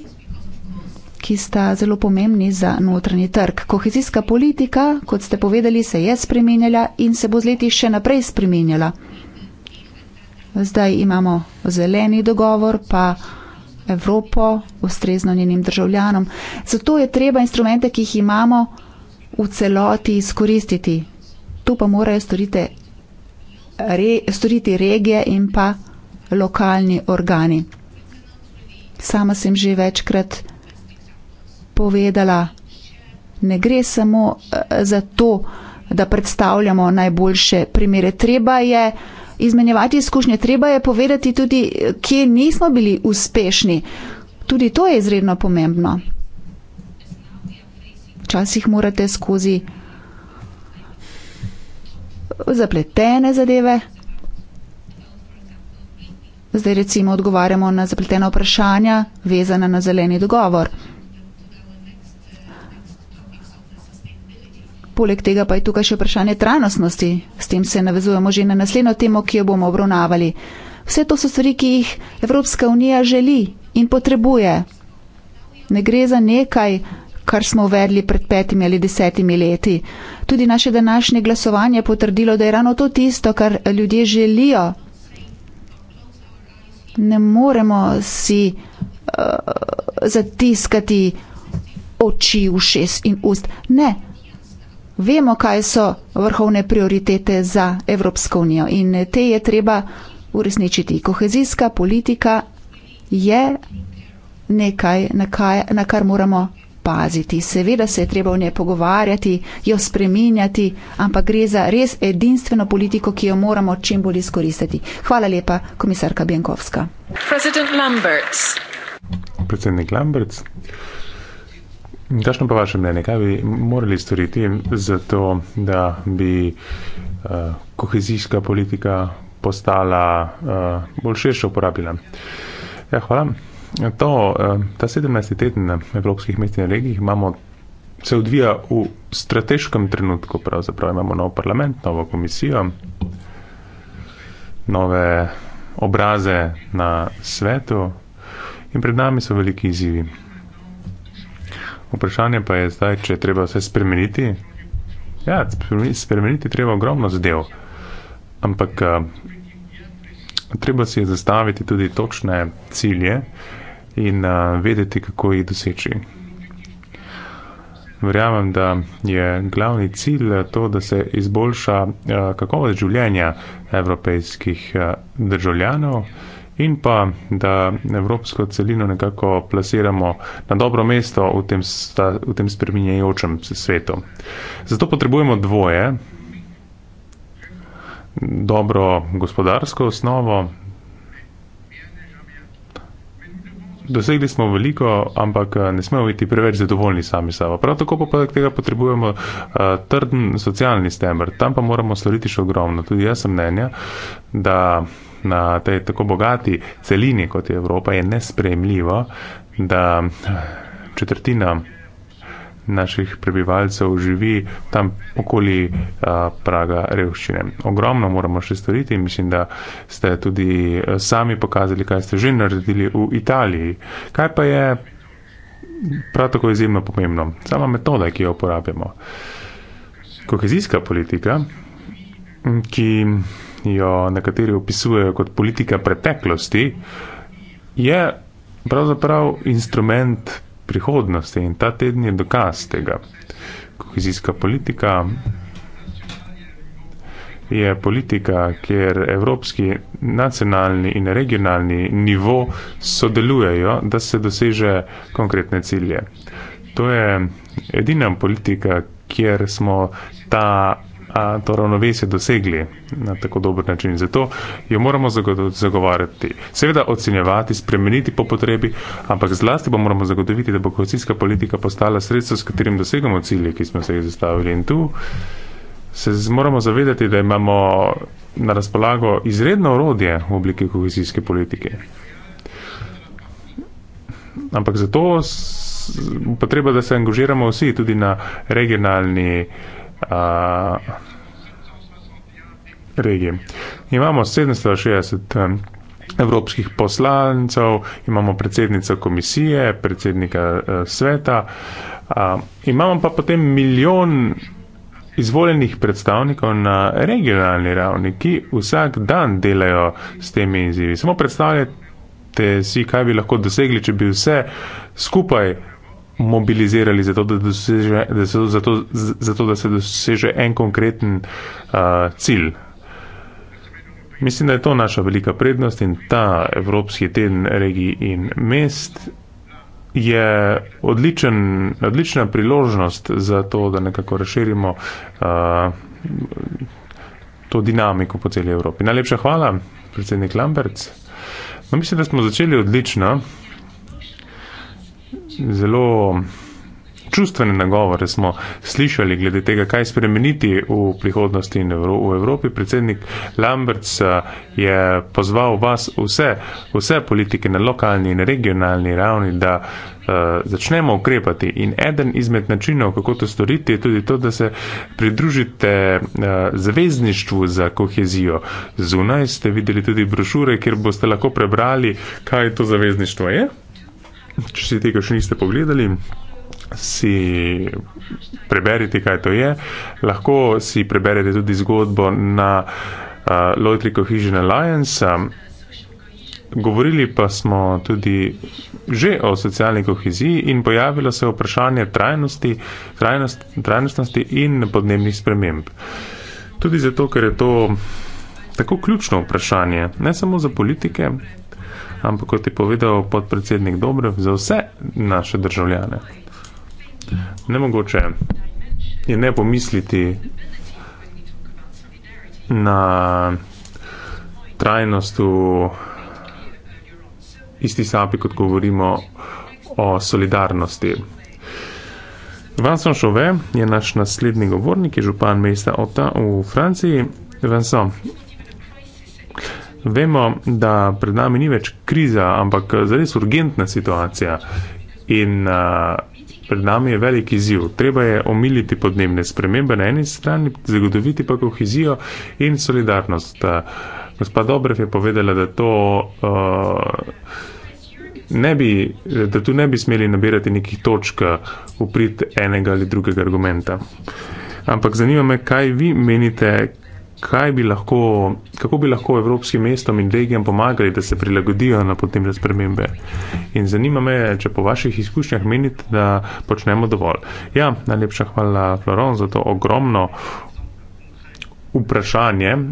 ki sta zelo pomembni za notranji trg. Kohezijska politika, kot ste povedali, se je spremenjala in se bo z leti še naprej spremenjala. Zdaj imamo zeleni dogovor, pa Evropo, ustrezno njenim državljanom. Zato je treba instrumente, ki jih imamo, v celoti izkoristiti. Tu pa morajo storite, re, storiti regije in pa lokalni organi. Sama sem že večkrat povedala, ne gre samo eh, za to, da predstavljamo najboljše primere. Treba je uh, izmenjevati izkušnje, treba je povedati tudi, kje nismo bili uspešni. Tudi to je izredno pomembno. Včasih morate skozi zapletene zadeve. Zdaj recimo odgovarjamo na zapletena vprašanja, vezana na zeleni dogovor. poleg tega pa je tukaj še vprašanje trajnostnosti. S tem se navezujemo že na naslednjo temo, ki jo bomo obravnavali. Vse to so stvari, ki jih Evropska unija želi in potrebuje. Ne gre za nekaj, kar smo uvedli pred petimi ali desetimi leti. Tudi naše današnje glasovanje je potrdilo, da je ravno to tisto, kar ljudje želijo. Ne moremo si uh, zatiskati oči, ušes in ust. Ne vemo, kaj so vrhovne prioritete za Evropsko unijo in te je treba uresničiti. Kohezijska politika je nekaj, na, kaj, na kar moramo paziti. Seveda se je treba v nje pogovarjati, jo spreminjati, ampak gre za res edinstveno politiko, ki jo moramo čim bolj izkoristiti. Hvala lepa, komisarka Bjankovska. Predsednik Lamberts. Predsednik Lamberts. Kakšno pa vaše mnenje, kaj bi morali storiti za to, da bi uh, kohezijska politika postala uh, bolj širše uporabljena? Ja, hvala. To, uh, ta 17. teden Evropskih mest in regij imamo, se odvija v strateškem trenutku, pravzaprav imamo nov parlament, novo komisijo, nove obraze na svetu in pred nami so veliki izzivi. Vprašanje pa je zdaj, če je treba vse spremeniti. Ja, spremeniti je treba ogromno zadev, ampak eh, treba si je zastaviti tudi točne cilje in eh, vedeti, kako jih doseči. Verjamem, da je glavni cilj to, da se izboljša eh, kakovost življenja evropejskih državljanov in pa da evropsko celino nekako plasiramo na dobro mesto v tem, v tem spreminjajočem svetu. Zato potrebujemo dvoje, dobro gospodarsko osnovo, Dosegli smo veliko, ampak eh, ne smemo biti preveč zadovoljni sami sabo. Prav tako pa poleg tega potrebujemo uh, trden socialni stemr. Tam pa moramo storiti še ogromno. Tudi jaz sem mnenja, da na tej tako bogati celini, kot je Evropa, je nespremljivo, da četrtina naših prebivalcev živi tam okoli a, eh, praga revščine. Ogromno moramo še storiti in mislim, da ste tudi eh, sami pokazali, kaj ste že naredili v Italiji. Kaj pa je prav tako izjemno pomembno? Sama metoda, ki jo uporabljamo. Kohezijska politika, ki jo nekateri opisujejo kot politika preteklosti, je pravzaprav instrument prihodnosti in ta teden je dokaz tega. Kohezijska politika je politika, kjer evropski, nacionalni in regionalni nivo sodelujejo, da se doseže konkretne cilje. To je edina politika, kjer smo ta a, to ravnovesje dosegli na tako dober način. Zato jo moramo zagovarjati, seveda ocenjevati, spremeniti po potrebi, ampak zlasti pa moramo zagotoviti, da bo kohezijska politika postala sredstvo, s katerim dosegamo cilje, ki smo se jih zastavili. In tu se moramo zavedati, da imamo na razpolago izredno orodje v obliki kohezijske politike. Ampak zato potreba, da se angažiramo vsi tudi na regionalni eh, a, regije. Imamo 760 evropskih poslancev, imamo predsednico komisije, predsednika a, e, sveta, a, imamo pa potem milijon izvoljenih predstavnikov na regionalni ravni, ki vsak dan delajo s temi izzivi. Samo predstavljate si, kaj bi lahko dosegli, če bi vse skupaj mobilizirali za to, da, doseže, da, so, za to, za to, da se doseže en konkreten uh, cilj. Mislim, da je to naša velika prednost in ta Evropski teden regij in mest je odličen, odlična priložnost za to, da nekako razširimo uh, to dinamiko po celi Evropi. Najlepša hvala, predsednik Lamberts. No, mislim, da smo začeli odlično zelo čustvene nagovore smo slišali glede tega, kaj spremeniti v prihodnosti in v Evropi. Predsednik Lamberts eh, je pozval vas vse, vse politike na lokalni in regionalni ravni, da eh, začnemo ukrepati in eden izmed načinov, kako to storiti, je tudi to, da se pridružite eh, zavezništvu za kohezijo. Zunaj ste videli tudi brošure, kjer boste lahko prebrali, kaj to zavezništvo je če si tega še niste pogledali, si preberite, kaj to je. Lahko si preberete tudi zgodbo na uh, Lloyd's Cohesion Alliance. Govorili pa smo tudi že o socialni koheziji in pojavilo se vprašanje trajnosti, trajnost, trajnostnosti in podnebnih sprememb. Tudi zato, ker je to tako ključno vprašanje, ne samo za politike, ampak kot je povedal podpredsednik Dobrev, za vse naše državljane. Nemogoče je ne pomisliti na trajnost v isti sapi, kot govorimo o solidarnosti. Vanson Šove je naš naslednji govornik, je župan mesta Ota v Franciji. Vanson, Vemo, da pred nami ni več kriza, ampak zares urgentna situacija in a, pred nami je velik izziv. Treba je omiliti podnebne spremembe na eni strani, zagotoviti pa kohezijo in solidarnost. Gospa Dobrev je povedala, da to. A, Ne bi, da tu ne bi smeli nabirati nekih točk v prid enega ali drugega argumenta. Ampak zanima me, kaj vi menite, bi lahko, kako bi lahko evropskim mestom in regijam pomagali, da se prilagodijo na podnebne spremembe. In zanima me, če po vaših izkušnjah menite, da počnemo dovolj. Ja, najlepša hvala, Floron, za to ogromno vprašanje. Uh,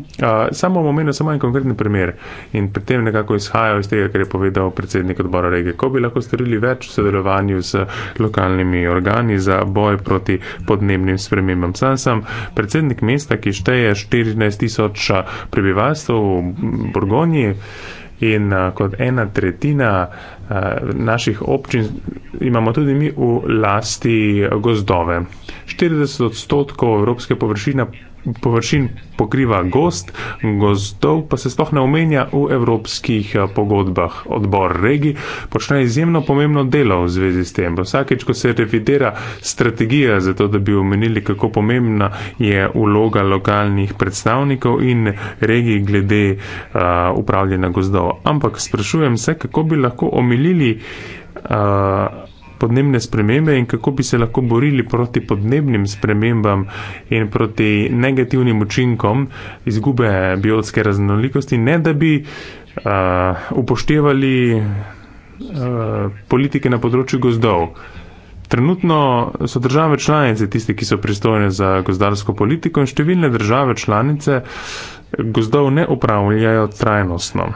samo bom omenil samo en konkreten primer in pri tem nekako izhaja iz tega, kar je povedal predsednik odbora regije. Ko bi lahko storili več v sodelovanju z lokalnimi organi za boj proti podnebnim spremembam. Sam sem predsednik mesta, ki šteje 14 tisoč prebivalstv v Borgonji. In uh, kot ena tretjina uh, naših občin imamo tudi mi v lasti gozdove. 40 odstotkov evropske površine površin pokriva gost, gostov pa se sploh ne omenja v evropskih eh, pogodbah. Odbor regij počne izjemno pomembno delo v zvezi s tem. Vsakeč, ko se revidira strategija za to, da bi omenili, kako pomembna je uloga lokalnih predstavnikov in regij glede uh, eh, upravljena gozdov. Ampak sprašujem se, kako bi lahko omilili uh, podnebne spremembe in kako bi se lahko borili proti podnebnim spremembam in proti negativnim učinkom izgube biotske raznolikosti, ne da bi uh, upoštevali uh, politike na področju gozdov. Trenutno so države članice tiste, ki so pristojne za gozdarsko politiko in številne države članice gozdov ne upravljajo trajnostno.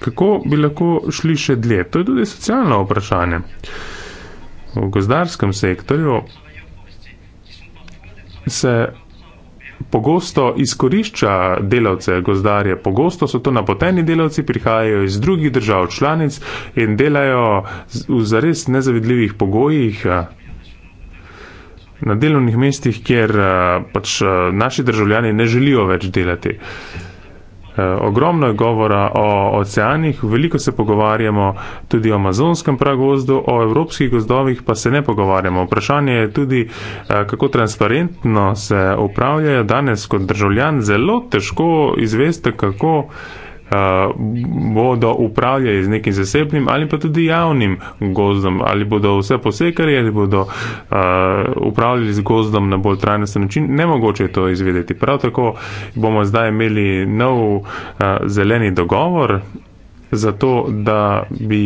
Kako bi lahko šli še dlje? To je tudi socialno vprašanje. Uh, v gozdarskem sektorju se pogosto izkorišča delavce gozdarje. Pogosto so to napoteni delavci, prihajajo iz drugih držav članic in delajo v zares nezavidljivih pogojih eh, na delovnih mestih, kjer eh, pač eh, naši državljani ne želijo več delati. Eh, ogromno je govora o oceanih, veliko se pogovarjamo tudi o amazonskem pragozdu, o evropskih gozdovih pa se ne pogovarjamo. Vprašanje je tudi, eh, kako transparentno se upravljajo danes kot državljan, zelo težko izveste, kako bodo upravljali z nekim zasebnim ali pa tudi javnim gozdom, ali bodo vse posekali ali bodo a, upravljali z gozdom na bolj trajnosten način, nemogoče je to izvedeti. Prav tako bomo zdaj imeli nov a, zeleni dogovor. Zato, da bi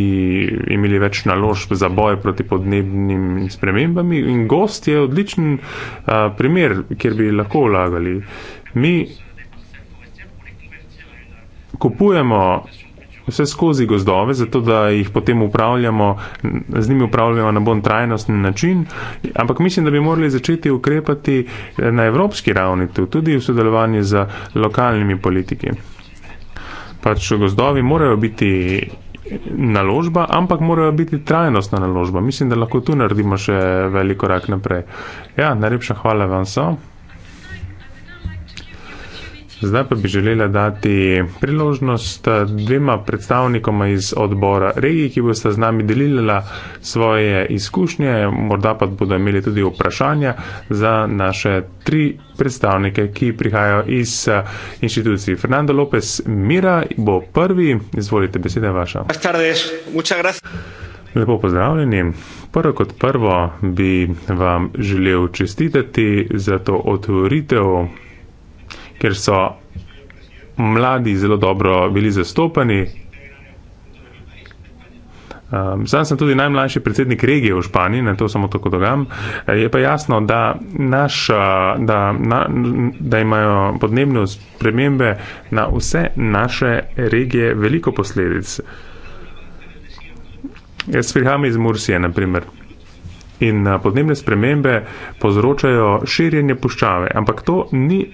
imeli več naložb za boje proti podnebnim spremembam, in gost je odličen a, primer, kjer bi lahko vlagali. Mi kupujemo vse skozi gozdove, zato da jih potem upravljamo, z njimi upravljamo na bolj trajnostni način, ampak mislim, da bi morali začeti ukrepati na evropski ravni tu, tudi v sodelovanju z lokalnimi politiki. Pač gozdovi morajo biti naložba, ampak morajo biti trajnostna naložba. Mislim, da lahko tu naredimo še veliko rak naprej. Ja, najlepša hvala vam so. Zdaj pa bi želela dati priložnost eh, dvema predstavnikoma iz odbora regij, ki bosta z nami delila svoje izkušnje, morda pa bodo imeli tudi vprašanja za naše tri predstavnike, ki prihajajo iz eh, inštitucij. Fernando López Mira bo prvi, izvolite besede vaša. Lepo pozdravljeni. Prvo kot prvo bi vam želel čestitati za to otvoritev kjer so mladi zelo dobro bili zastopani. Um, sam sem tudi najmlajši predsednik regije v Španiji, na to samo tako dogam. Eh, je pa jasno, da, naš, eh, da, na, da imajo podnebne spremembe na vse naše regije veliko posledic. Jaz prihajam iz Mursije, naprimer. In eh, podnebne spremembe povzročajo širjenje puščave, ampak to ni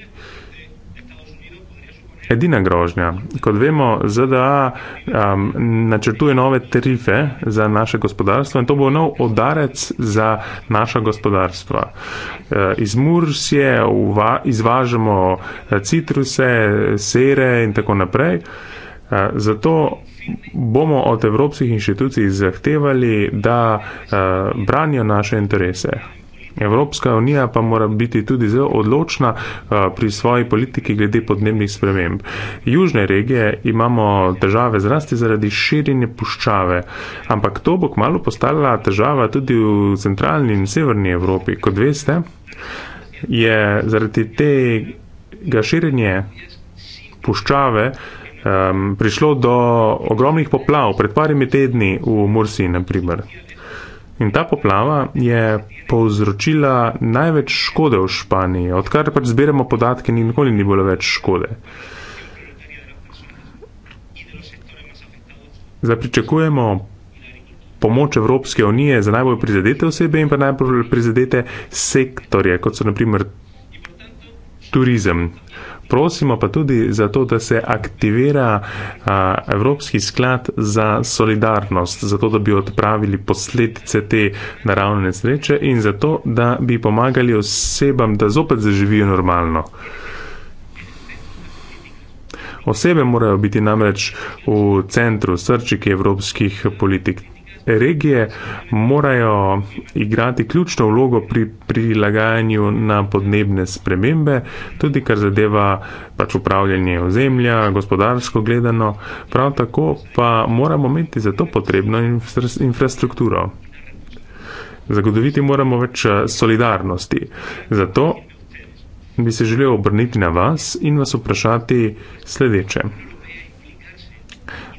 edina grožnja. Kot vemo, ZDA um, načrtuje nove tarife za naše gospodarstvo in to bo nov odarec za naša gospodarstva. Uh, iz Mursije uva, izvažamo uh, citruse, sere in tako naprej. Uh, zato bomo od evropskih inštitucij zahtevali, da uh, branijo naše interese. Evropska unija pa mora biti tudi zelo odločna eh, pri svoji politiki glede podnebnih sprememb. Južne regije imamo težave zrasti zaradi širjenja puščave, ampak to bo kmalo postala težava tudi v centralni in severni Evropi. Kot veste, je zaradi tega širjenja puščave um, prišlo do ogromnih poplav pred parimi tedni v Mursi, naprimer. In ta poplava je povzročila največ škode v Španiji, odkar pač zbiramo podatke, ni nikoli ni bilo več škode. Zdaj pričakujemo pomoč Evropske unije za najbolj prizadete osebe in pa najbolj prizadete sektorje, kot so naprimer turizem prosimo pa tudi za to, da se aktivira a, Evropski sklad za solidarnost, zato da bi odpravili posledice te naravne sreče in zato, da bi pomagali osebam, da zopet zaživijo normalno. Osebe morajo biti namreč v centru srčike evropskih politik regije morajo igrati ključno vlogo pri prilagajanju na podnebne spremembe, tudi kar zadeva pač upravljanje ozemlja, gospodarsko gledano, prav tako pa moramo imeti za to potrebno infrastrukturo. Zagotoviti moramo več eh, solidarnosti. Zato bi se želel obrniti na vas in vas vprašati sledeče.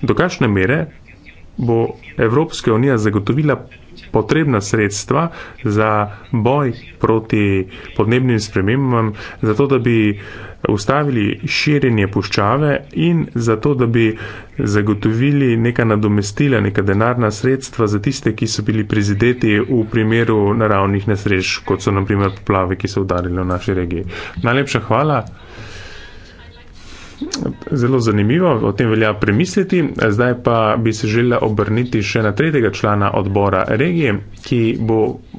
Do kakšne mere bo Evropska unija zagotovila potrebna sredstva za boj proti podnebnim spremembam, zato da bi ustavili širjenje puščave in zato da bi zagotovili neka nadomestila, neka denarna sredstva za tiste, ki so bili prizadeti v primeru naravnih nesreč, kot so naprimer poplave, ki so udarili v naši regiji. Najlepša hvala zelo zanimivo, o tem velja premisliti. Zdaj pa bi se želela obrniti še na tretjega člana odbora regije, ki bo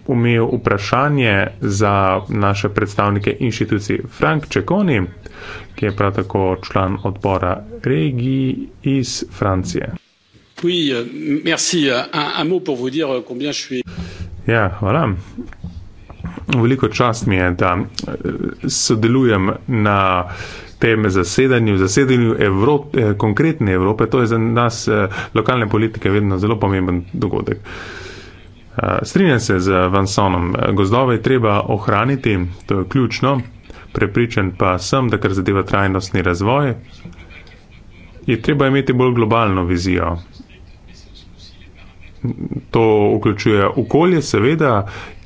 imel vprašanje za naše predstavnike inštitucij Frank Čekoni, ki je prav tako član odbora regiji iz Francije. Oui, merci. Un, un mot pour vous dire combien je suis. Ja, voilà. Veliko čast mi je, da eh, sodelujem na teme zasedanju, zasedanju Evrope, eh, konkretne Evrope, to je za nas eh, lokalne politike vedno zelo pomemben dogodek. Eh, strinjam se z Vansonom, gozdove je treba ohraniti, to je ključno, prepričan pa sem, da kar zadeva trajnostni razvoj, je treba imeti bolj globalno vizijo. To vključuje okolje, seveda,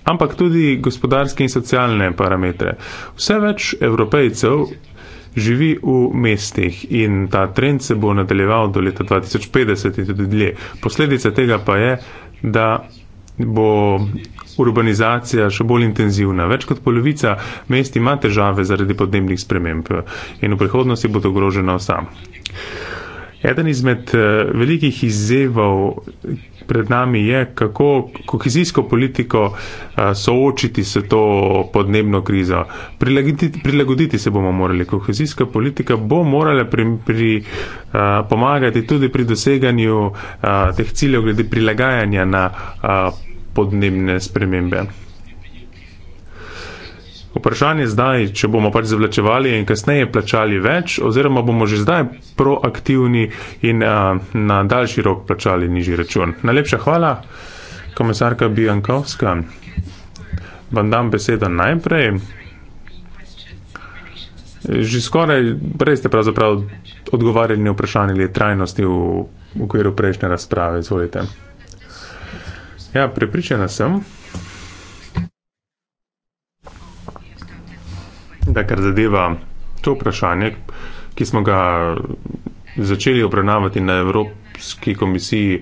ampak tudi gospodarske in socialne parametre. Vse več evropejcev živi v mestih in ta trend se bo nadaljeval do leta 2050 in tudi dlje. Posledica tega pa je, da bo urbanizacija še bolj intenzivna. Več kot polovica mest ima težave zaradi podnebnih sprememb in v prihodnosti bo to ogroženo sam. Eden izmed eh, velikih izzevov, pred nami je, kako kohezijsko politiko soočiti se to podnebno krizo. Prilagoditi, prilagoditi se bomo morali. Kohezijska politika bo morala pri, pri, pomagati tudi pri doseganju teh ciljev glede prilagajanja na podnebne spremembe. Vprašanje zdaj, če bomo pač zavlačevali in kasneje plačali več, oziroma bomo že zdaj proaktivni in a, na daljši rok plačali nižji račun. Najlepša hvala, komisarka Bijankovska. Vam dam besedo najprej. Že skoraj prej ste pravzaprav odgovarjali na vprašanje le trajnosti v okviru prejšnje razprave. Izvolite. Ja, prepričana sem. da kar zadeva to vprašanje, ki smo ga začeli obravnavati na Evropski komisiji eh,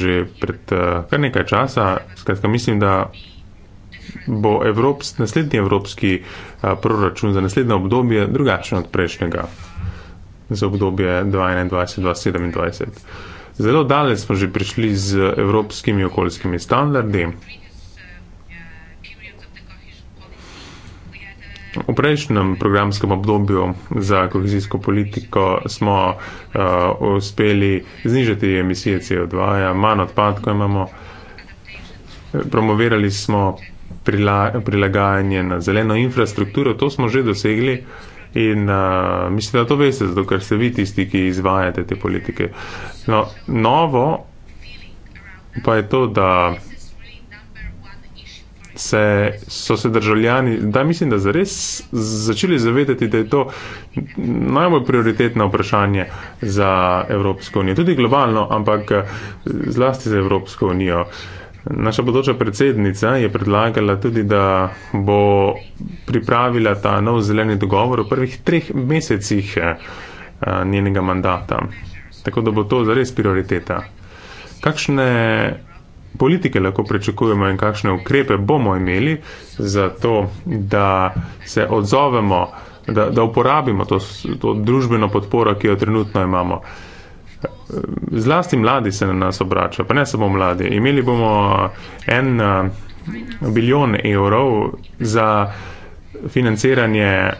že pred eh, kar nekaj časa. Skratka, mislim, da bo Evrops, naslednji evropski eh, proračun za naslednje obdobje drugačen od prejšnjega, za obdobje 2021-2027. Zelo daleč smo že prišli z evropskimi okoljskimi standardi, V prejšnjem programskem obdobju za kohezijsko politiko smo uh, uspeli znižati emisije CO2, -ja, manj odpadkov imamo, promovirali smo prila prilagajanje na zeleno infrastrukturo, to smo že dosegli. In uh, mislim, da to veste, zato ker ste vi tisti, ki izvajate te politike. No, novo pa je to, da se, so se državljani, da mislim, da so res začeli zavedati, da je to najbolj prioritetno vprašanje za Evropsko unijo. Tudi globalno, ampak eh, zlasti za Evropsko unijo. Naša bodoča predsednica je predlagala tudi, da bo pripravila ta nov zeleni dogovor v prvih treh mesecih eh, njenega mandata. Tako da bo to zares prioriteta. Kakšne politike lahko prečakujemo in kakšne ukrepe bomo imeli za to, da se odzovemo, da, da uporabimo to, to družbeno podporo, ki jo trenutno imamo. Zlasti mladi se na nas obračajo, pa ne samo mladi. Imeli bomo en eh, biljon evrov za financiranje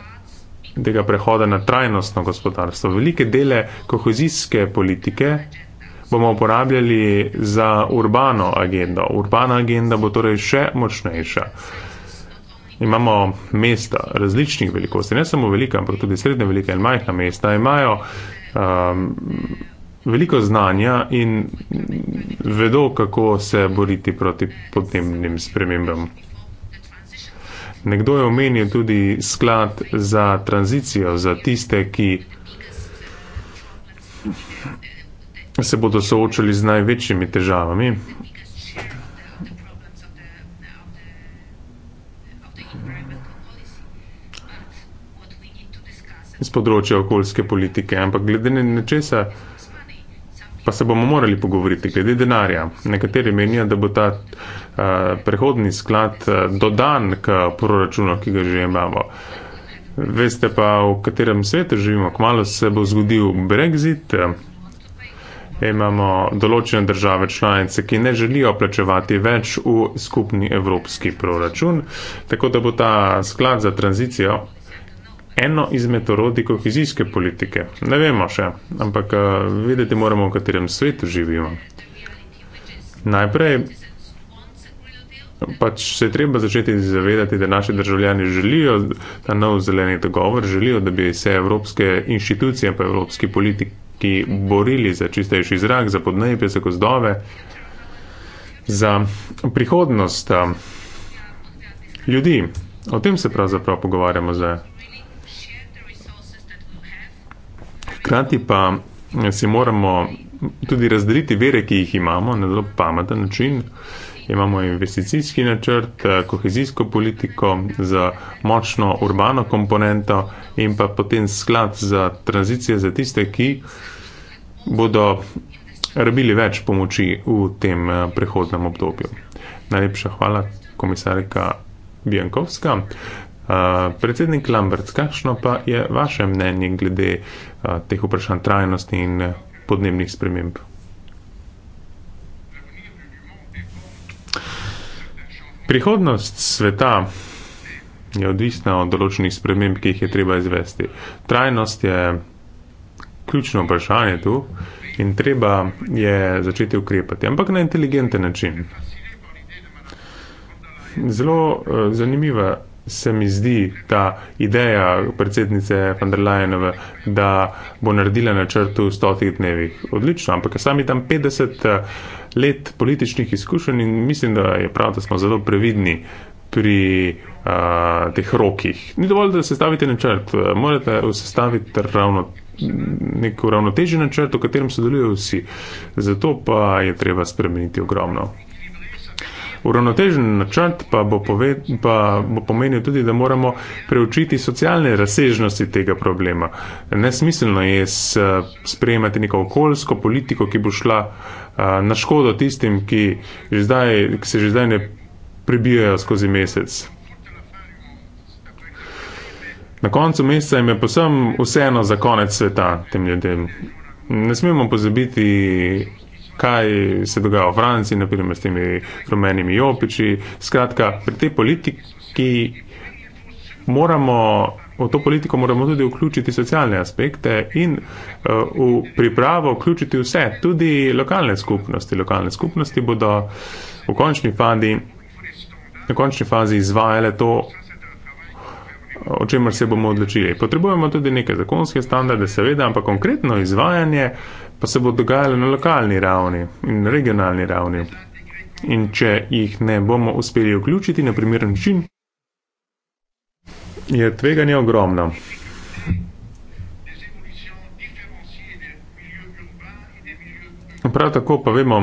tega prehoda na trajnostno gospodarstvo. Velike dele kohezijske politike bomo uporabljali za urbano agendo. Urbana agenda bo torej še močnejša. Imamo mesta različnih velikosti, ne samo velika, ampak tudi srednje velike in majhna mesta. Imajo um, veliko znanja in vedo, kako se boriti proti podnebnim spremembam. Nekdo je omenil tudi sklad za tranzicijo, za tiste, ki se bodo soočali z največjimi težavami. Z področja okoljske politike, ampak glede nečesa, pa se bomo morali pogovoriti, glede denarja. Nekateri menijo, da bo ta uh, prehodni sklad uh, dodan k proračunu, ki ga že imamo. Veste pa, v katerem svetu živimo, kmalo se bo zgodil Brexit. Uh, imamo določene države članice, ki ne želijo plačevati več v skupni evropski proračun. Tako da bo ta sklad za tranzicijo eno izmed orodij kohezijske politike. Ne vemo še, ampak eh, videti moramo, v katerem svetu živimo. Najprej pač se je treba začeti zavedati, da naši državljani želijo ta nov zeleni dogovor, želijo, da bi se evropske inštitucije pa evropski politiki ki borili za čistejši zrak, za podnebje, za gozdove, za prihodnost um, ljudi. O tem se pravzaprav pogovarjamo zdaj. Hkrati pa si moramo tudi razdeliti vere, ki jih imamo na zelo pameten način. Uh, imamo investicijski načrt, eh, kohezijsko politiko z močno urbano komponento in pa potem sklad za tranzicije za tiste, ki bodo rabili več pomoči v tem eh, prehodnem obdobju. Najlepša hvala, komisarika Bjankovska. Eh, predsednik Lambert, kakšno pa je vaše mnenje glede teh vprašanj trajnosti in podnebnih sprememb? Prihodnost sveta je odvisna od določenih sprememb, ki jih je treba izvesti. Trajnost je ključno vprašanje tu in treba je začeti ukrepati, ampak na inteligenten način. Zelo eh, zanimiva se mi zdi ta ideja predsednice van der Leyenove, da bo naredila načrt v stotih dneh. Odlično, ampak sami tam 50 let političnih izkušenj in mislim, da je prav, da smo zelo previdni pri uh, teh rokih. Ni dovolj, da sestavite načrt, eh, morate sestaviti ravno. Neko ravnotežje načrt, v katerem sodelujejo vsi. Zato pa je treba spremeniti ogromno. Uravnotežen načrt pa bo, poved, pa bo pomenil tudi, da moramo preučiti socialne razsežnosti tega problema. Nesmiselno je sprejemati neko okoljsko politiko, ki bo šla na škodo tistim, ki, že zdaj, ki se že zdaj ne prebijajo skozi mesec. Na koncu meseca jim je posebno vseeno za konec sveta tem ljudem. Ne smemo pozabiti kaj se dogaja v Franciji, naprimer s temi rumenimi jopiči. Skratka, pri tej politiki moramo. V to politiko moramo tudi vključiti socialne aspekte in uh, v pripravo vključiti vse, tudi lokalne skupnosti. Lokalne skupnosti bodo v končni, fazi, v končni fazi izvajale to, o čemer se bomo odločili. Potrebujemo tudi neke zakonske standarde, seveda, ampak konkretno izvajanje uh, pa se bo dogajalo na lokalni ravni in regionalni ravni. In če jih ne bomo uspeli vključiti na primeren način, je tveganje ogromno. Prav tako pa vemo,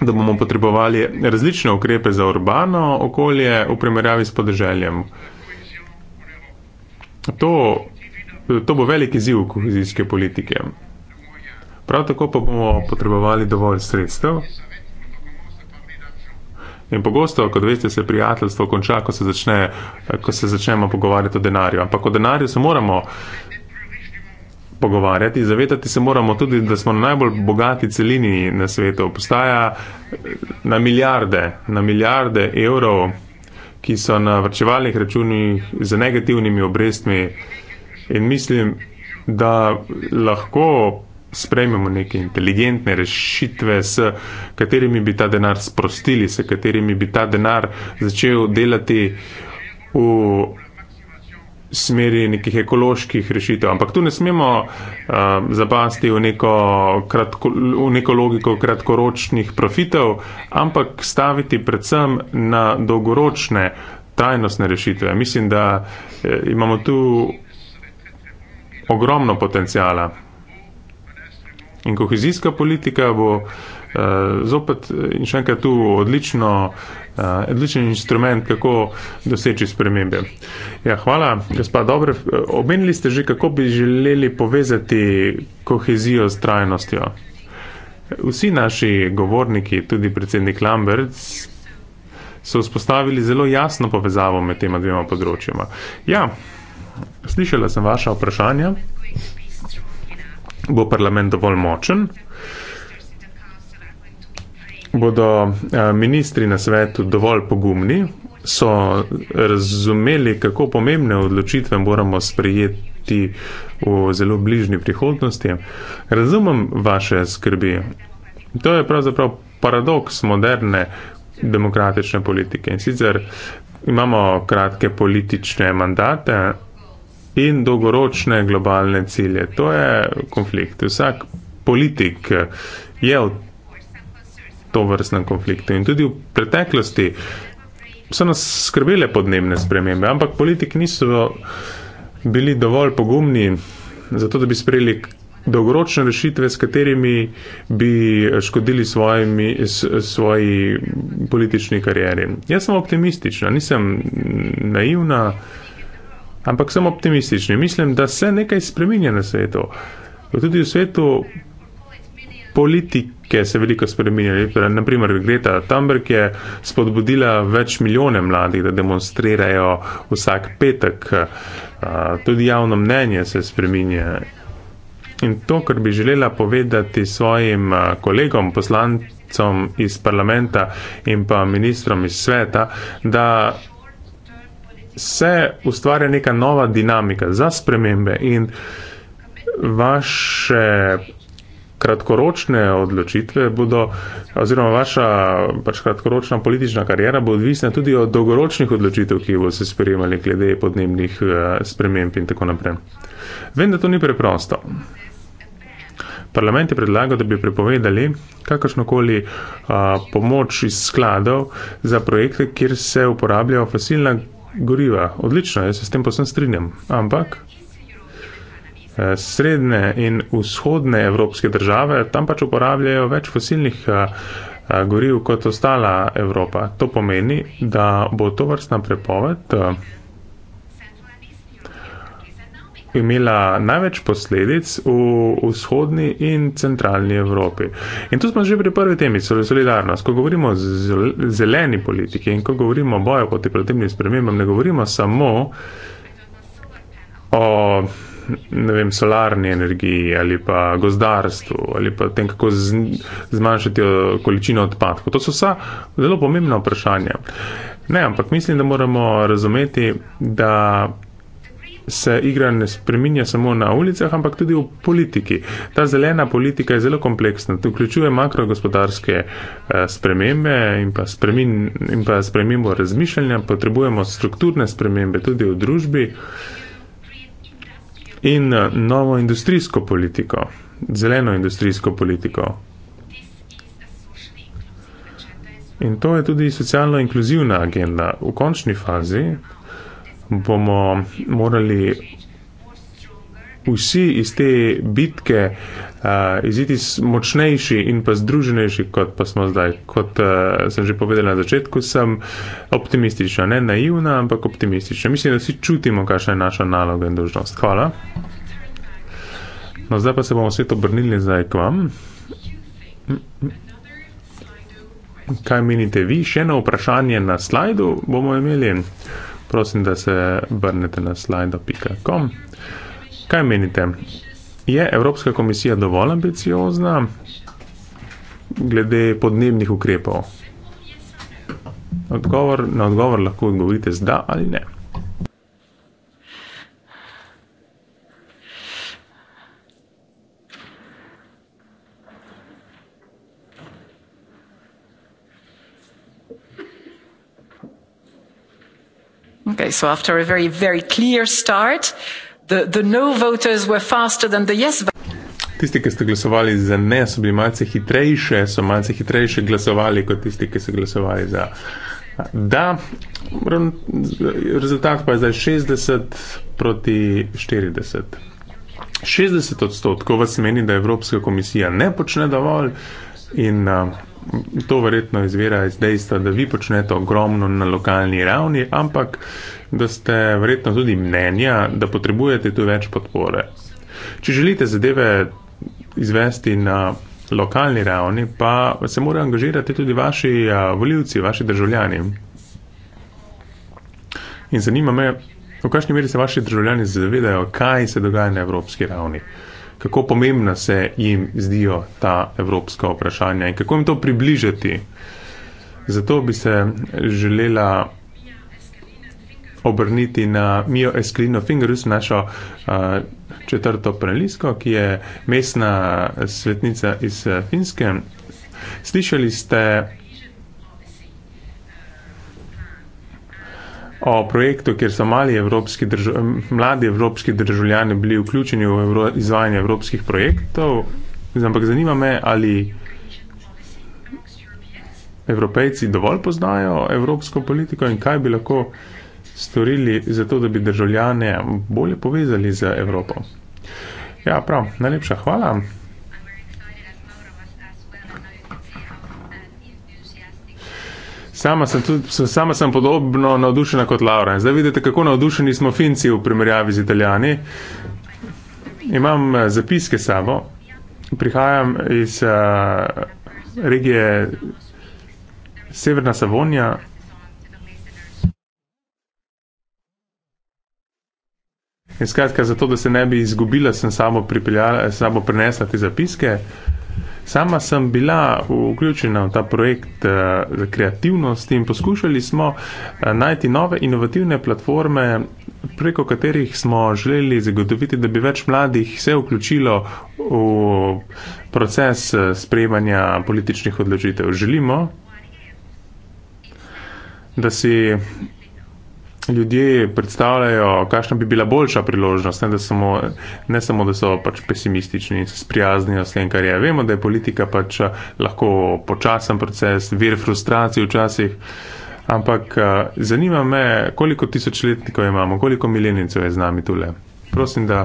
da bomo potrebovali različne ukrepe za urbano okolje v primerjavi s podeželjem. To, to bo veliki ziv kohezijske politike. Prav tako pa bomo potrebovali dovolj sredstev. In pogosto, kot veste, se prijateljstvo konča, ko se, začne, ko se začnemo pogovarjati o denarju. Ampak o denarju se moramo pogovarjati, zavedati se moramo tudi, da smo na najbolj bogati celini na svetu. Obstaja na milijarde, na milijarde evrov, ki so na vrčevalnih računih za negativnimi obrestmi. In mislim, da lahko sprejmemo neke inteligentne rešitve, s katerimi bi ta denar sprostili, s katerimi bi ta denar začel delati v smeri nekih ekoloških rešitev. Ampak tu ne smemo um, zapasti v neko, kratko, v neko logiko kratkoročnih profitev, ampak staviti predvsem na dolgoročne, trajnostne rešitve. Mislim, da eh, imamo tu ogromno potencijala. In kohezijska politika bo uh, zopet eh, in še enkrat tu odlično, uh, odličen instrument, kako doseči spremembe. Ja, hvala, gospod Dobrev. Omenili ste že, kako bi želeli povezati kohezijo s trajnostjo. Vsi naši govorniki, tudi predsednik Lambert, so vzpostavili zelo jasno povezavo med tema dvema področjama. Ja, slišala sem vaša vprašanja bo parlament dovolj močen, bodo eh, ministri na svetu dovolj pogumni, so razumeli, kako pomembne odločitve moramo sprejeti v zelo bližnji prihodnosti. Razumem vaše skrbi. To je pravzaprav paradoks moderne demokratične politike. In sicer imamo kratke politične mandate, in dolgoročne globalne cilje. To je konflikt. Vsak politik je v to vrstnem konfliktu in tudi v preteklosti so nas skrbele podnebne spremembe, ampak politiki niso bili dovolj pogumni za to, da bi sprejeli dolgoročne rešitve, s katerimi bi škodili svojimi, svoji politični karieri. Jaz sem optimistična, nisem naivna ampak sem optimističen. Mislim, da se nekaj spremenja na svetu. Tudi v svetu politike se veliko spremenja. Torej, Naprimer, Greta Thunberg je spodbudila več milijone mladih, da demonstrirajo vsak petek. Tudi javno mnenje se spremenja. In to, kar bi želela povedati svojim kolegom, poslancem, iz parlamenta in pa ministrom iz sveta, da se ustvarja neka nova dinamika za spremembe in vaše kratkoročne odločitve bodo, oziroma vaša pač kratkoročna politična karjera bo odvisna tudi od dolgoročnih odločitev, ki bo se sprejemali glede podnebnih eh, sprememb in tako naprej. Vem, da to ni preprosto. Parlament je predlagal, da bi prepovedali kakršnokoli a, eh, pomoč iz skladov za projekte, kjer se uporabljajo fosilna goriva. Odlično, jaz se s tem posem strinjam. Ampak eh, srednje in vzhodne evropske države tam pač uporabljajo več fosilnih eh, eh, goriv kot ostala Evropa. To pomeni, da bo to vrstna prepoved imela največ posledic v vzhodni in centralni Evropi. In tu smo že pri prvi temi, solidarnost. Ko govorimo o zeleni politiki in ko govorimo o boju proti podnebnim spremembam, ne govorimo samo o vem, solarni energiji ali pa gozdarstvu ali pa tem, kako zmanjšati eh, količino odpadkov. To so vsa zelo pomembna vprašanja. Ne, ampak mislim, da moramo razumeti, da se igra ne spreminja samo na ulicah, ampak tudi v politiki. Ta zelena politika je zelo kompleksna, tu vključuje makrogospodarske eh, spremembe in pa, spremin, in pa spremembo razmišljanja, potrebujemo strukturne spremembe tudi v družbi in eh, novo industrijsko politiko, zeleno industrijsko politiko. In to je tudi socialno inkluzivna agenda. V končni fazi bomo morali vsi iz te bitke uh, iziti močnejši in pa združenejši, kot pa smo zdaj. Kot uh, sem že povedala na začetku, sem optimistična, ne naivna, ampak optimistična. Mislim, da vsi čutimo, kakšna je naša naloga in dožnost. Hvala. No, zdaj pa se bomo svet obrnili nazaj k vam. Kaj menite vi? Še eno vprašanje na slajdu bomo imeli. Uh, prosim, da se vrnete na slido.com. Kaj menite? Je Evropska komisija dovolj ambiciozna glede podnebnih ukrepov? Odgovor, na odgovor lahko odgovorite z da ali ne. Okay, so after a very, very clear start, the, the no voters were faster than the yes voters. Tisti, ki ste glasovali za ne, so bili malce hitrejši, so malce hitrejši glasovali kot tisti, ki so glasovali za da. Rezultat pa je zdaj 60 proti 40. 60 odstotkov vas meni, da Evropska komisija ne počne dovolj in to verjetno izvira iz dejstva, da vi počnete ogromno na lokalni ravni, ampak da ste verjetno tudi mnenja, da potrebujete tu več podpore. Če želite zadeve izvesti na lokalni ravni, pa se morajo angažirati tudi vaši voljivci, vaši državljani. In zanima me, v kakšni meri se vaši državljani zavedajo, kaj se dogaja na evropski ravni. Uh, kako pomembna se jim zdijo ta evropska vprašanja in kako jim to približati. Zato bi se želela obrniti na Mijo Esklino Fingerus, našo uh, četrto panelisko, ki je mestna svetnica iz Finske. Slišali ste o projektu, kjer so mali evropski držav, mladi evropski državljani bili vključeni v evro, izvajanje evropskih projektov. Ampak zanima me, ali evropejci dovolj poznajo evropsko politiko in kaj bi lahko storili za to, da bi državljane bolje povezali z Evropo. Ja, prav, najlepša hvala. Sama sem, tudi, sama sem podobno navdušena kot Laura. Zdaj vidite, kako navdušeni smo Finci v primerjavi z Italijani. Imam eh, zapiske s sabo, prihajam iz uh, regije Severna Savonija. In skratka, zato da se ne bi izgubila, sem sabo, sabo prinesla te zapiske. Uh, Sama sem bila vključena v ta projekt eh, za kreativnost in poskušali smo eh, najti nove inovativne platforme, preko katerih smo želeli zagotoviti, da bi več mladih se vključilo v proces eh, sprejemanja političnih odločitev. Želimo, da si ljudje predstavljajo, kakšna bi bila boljša priložnost, ne, da samo, ne samo, da so pač pesimistični in se sprijaznijo s tem, kar je. Vemo, da je politika pač eh, lahko počasen proces, vir frustracij včasih. Ampak eh, zanima me, koliko tisočletnikov imamo, koliko milenicov je z nami tukaj. Prosim, da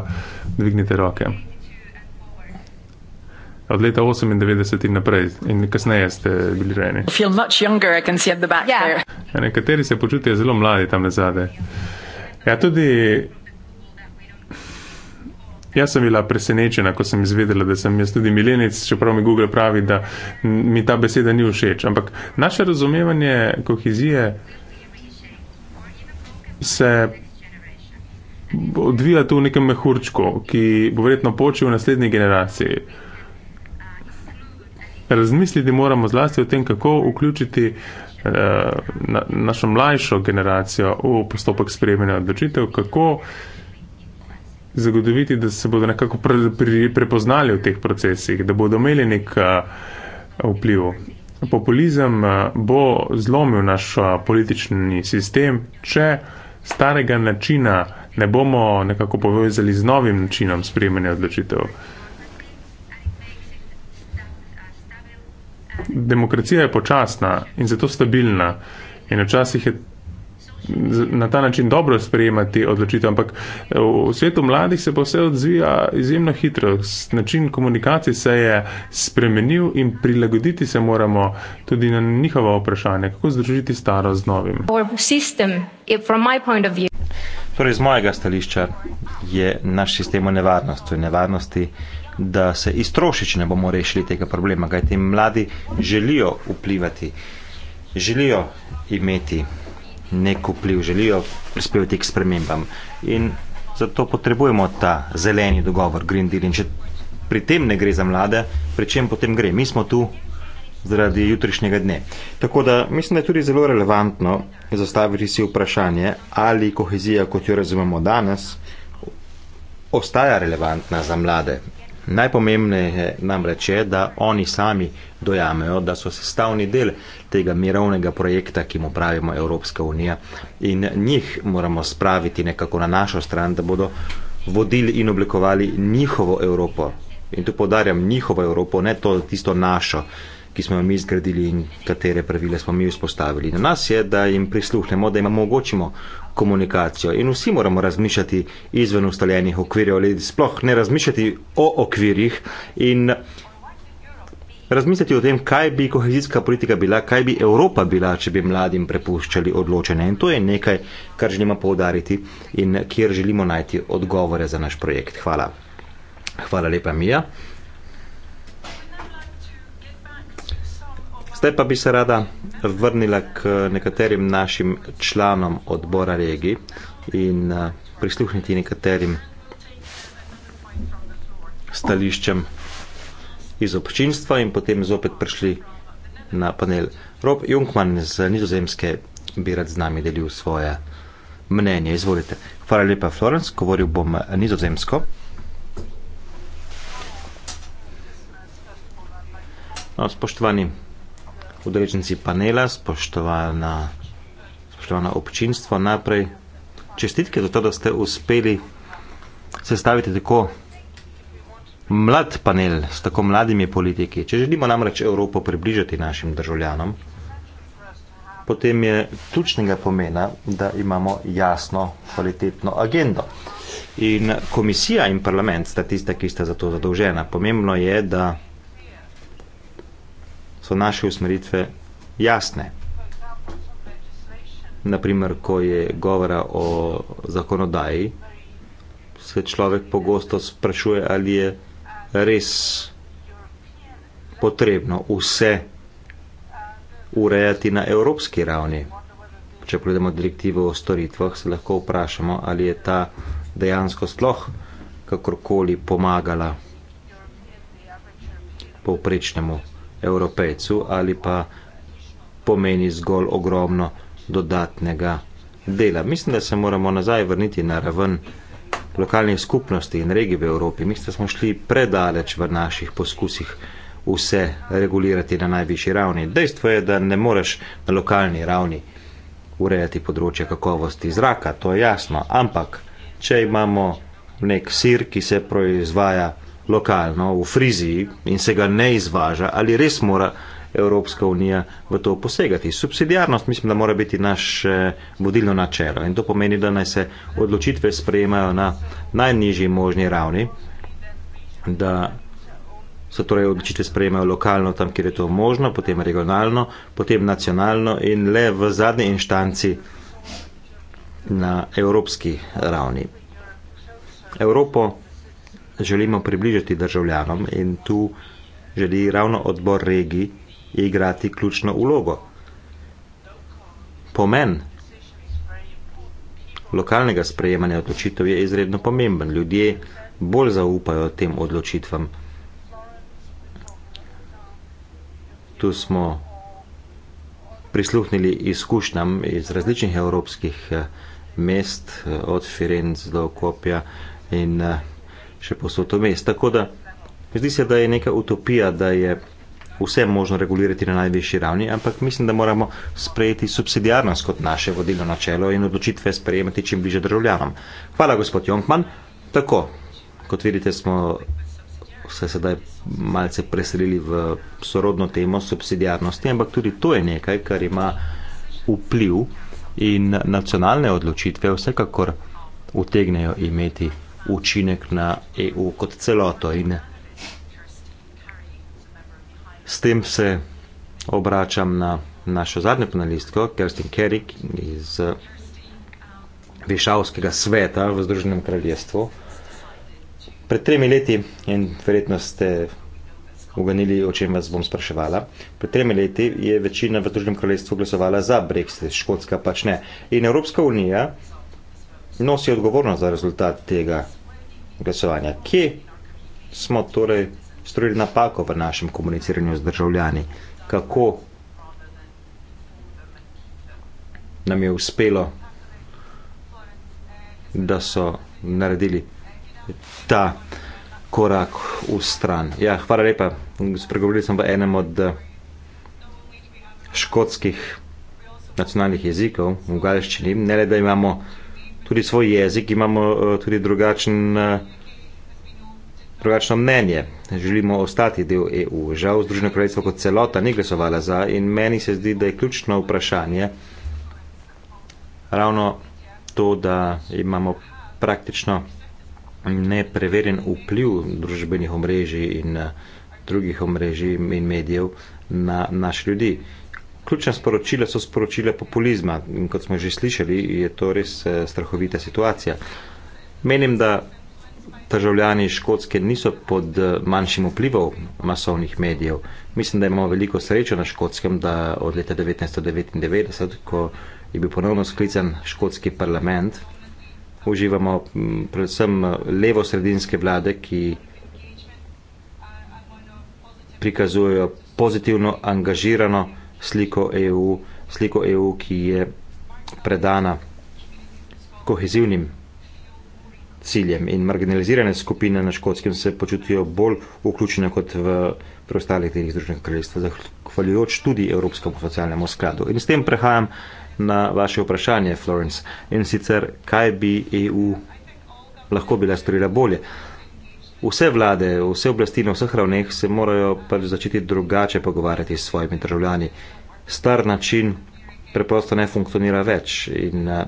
dvignite roke od leta 98 in naprej in kasneje ste bili ženi. Younger, yeah. Ja. Ja, nekateri se počutijo zelo mladi tam nazade. Ja, tudi jaz sem bila presenečena, ko sem izvedela, da sem jaz tudi milenic, čeprav mi Google pravi, da mi ta beseda ni všeč. Ampak naše razumevanje kohezije se odvija tu v nekem mehurčku, ki bo verjetno počil v naslednji generaciji razmisliti moramo zlasti o tem, kako vključiti eh, na, našo mlajšo generacijo v postopek sprejemanja odločitev, kako zagotoviti, da se bodo nekako pre, pre, prepoznali v teh procesih, da bodo imeli nek a, eh, vpliv. Populizem a, eh, bo zlomil naš a, politični sistem, če starega načina ne bomo nekako povezali z novim načinom sprejemanja odločitev. demokracija je počasna in zato stabilna in včasih je na ta način dobro sprejemati odločitev, ampak eh, v svetu mladih se pa vse odzvija izjemno hitro. Način komunikacije se je spremenil in prilagoditi se moramo tudi na njihovo vprašanje, kako združiti staro z novim. Eh, torej, z mojega stališča je naš sistem v nevarnosti. V nevarnosti da se iztrošične bomo rešili tega problema, kaj ti mladi želijo vplivati, želijo imeti nek vpliv, želijo prispevati k spremembam in zato potrebujemo ta zeleni dogovor, Green Deal in če pri tem ne gre za mlade, pri čem potem gre? Mi smo tu zaradi jutrišnjega dne. Tako da mislim, da je tudi zelo relevantno zastaviti si vprašanje, ali kohezija, kot jo razumemo danes, ostaja relevantna za mlade Najpomembnejše namreč je, da oni sami dojamejo, da so sestavni del tega mirovnega projekta, ki mu pravimo Evropska unija, in njih moramo spraviti nekako na našo stran, da bodo vodili in oblikovali njihovo Evropo. In tu podarjam njihovo Evropo, ne to tisto našo, ki smo jo mi zgradili in katere pravile smo mi vzpostavili. Na nas je, da jim prisluhnemo, da jim omogočimo komunikacijo. In vsi moramo razmišljati izven ustaljenih okvirjev, ali sploh ne razmišljati o okvirjih in razmisliti o tem, kaj bi kohezijska politika bila, kaj bi Evropa bila, če bi mladim prepuščali odločene. In to je nekaj, kar želimo poudariti in kjer želimo najti odgovore za naš projekt. Hvala. Hvala lepa, Mija. Zdaj pa bi se rada vrnila k nekaterim našim članom odbora regi in eh, prisluhniti nekaterim stališčem iz občinstva in potem zopet prišli na panel. Rob Junkman z Nizozemske bi rad z nami delil svoje mnenje. Izvolite. Hvala lepa, Florence. Govoril bom eh, nizozemsko. No, spoštovani udeleženci panela, spoštovana, spoštovana občinstvo, najprej čestitke za to, da ste uspeli sestaviti tako mlad panel s tako mladimi politiki. Če želimo namreč Evropo približati našim državljanom, potem je tučnega pomena, da imamo jasno, kvalitetno agendo. In komisija in parlament sta tista, ki sta za to zadolžena. Pomembno je, da so naše usmeritve jasne. Naprimer, ko je govora o zakonodaji, se človek pogosto sprašuje, ali je res potrebno vse urejati na evropski ravni. Če pogledamo direktivo o storitvah, se lahko vprašamo, ali je ta dejansko sploh kakorkoli pomagala povprečnemu evropejcu ali pa pomeni zgolj ogromno dodatnega dela. Mislim, da se moramo nazaj vrniti na raven lokalnih skupnosti in regij v Evropi. Mislim, da smo šli predaleč v naših poskusih vse regulirati na najvišji ravni. Dejstvo je, da ne moreš na lokalni ravni urejati področje kakovosti zraka, to je jasno, ampak če imamo nek sir, ki se proizvaja lokalno v Friziji in se ga ne izvaža, ali res mora Evropska unija v to posegati. Subsidijarnost mislim, da mora biti naš vodilno načelo in to pomeni, da naj se odločitve sprejemajo na najnižji možni ravni, da se torej odločitve sprejemajo lokalno tam, kjer je to možno, potem regionalno, potem nacionalno in le v zadnji inštanci na evropski ravni. Evropo želimo približati državljanom in tu želi ravno odbor regij igrati ključno ulogo. Pomen lokalnega sprejemanja odločitev je izredno pomemben. Ljudje bolj zaupajo tem odločitvam. Tu smo prisluhnili izkušnjam iz različnih evropskih eh, mest, eh, od Firenze do Kopja in uh, še posod vmes. Tako da, zdi se, da je neka utopija, da je vse možno regulirati na najvišji ravni, ampak mislim, da moramo sprejeti subsidijarnost kot naše vodilno načelo in odločitve sprejemati čim bliže državljanom. Hvala, gospod Jonkman. Tako, kot vidite, smo se sedaj malce preselili v sorodno temo subsidijarnosti, ampak tudi to je nekaj, kar ima vpliv in nacionalne odločitve vsekakor utegnejo imeti učinek na EU kot celoto. In s tem se obračam na našo zadnjo panelistko, Kerstin Kerik iz Višavskega sveta v Združenem kraljestvu. Pred tremi leti, in verjetno ste uganili, o čem vas bom spraševala, pred tremi leti je večina v Združenem kraljestvu glasovala za Brexit, Škotska pač ne. In Evropska unija nosi odgovornost za rezultat tega glasovanja. Kje smo torej storili napako v našem komuniciranju z državljani? Kako nam je uspelo, da so naredili ta korak v stran? Ja, hvala lepa. Spregovorili sem v enem od škotskih nacionalnih jezikov v galščini. Ne le, da imamo tudi svoj jezik, imamo eh, tudi drugačen, eh, drugačno mnenje. Želimo ostati del EU. Žal, Združeno kraljestvo kot celota ni glasovala za in meni se zdi, da je ključno vprašanje ravno to, da imamo praktično nepreverjen vpliv družbenih omrežij in eh, drugih omrežij in medijev na naš ljudi. Ključna sporočila so sporočila populizma in kot smo že slišali, je to res eh, strahovita situacija. Menim, da državljani Škotske niso pod eh, manjšim vplivom masovnih medijev. Mislim, da imamo veliko srečo na Škotskem, da od leta 1999, ko je bil ponovno sklican Škotski parlament, uživamo mm, predvsem eh, levo-sredinske vlade, ki prikazujejo pozitivno, angažirano, sliko EU, sliko EU, ki je predana kohezivnim ciljem in marginalizirane skupine na škotskem se počutijo bolj vključene kot v preostalih delih Združenega kraljestva, zahvaljujoč tudi Evropskemu socialnemu skladu. In s tem prehajam na vaše vprašanje, Florence, in sicer, kaj bi EU lahko bila storila bolje. Vse vlade, vse oblasti na vseh ravneh se morajo pač začeti drugače pogovarjati s svojimi državljani star način preprosto ne funkcionira več. In, uh,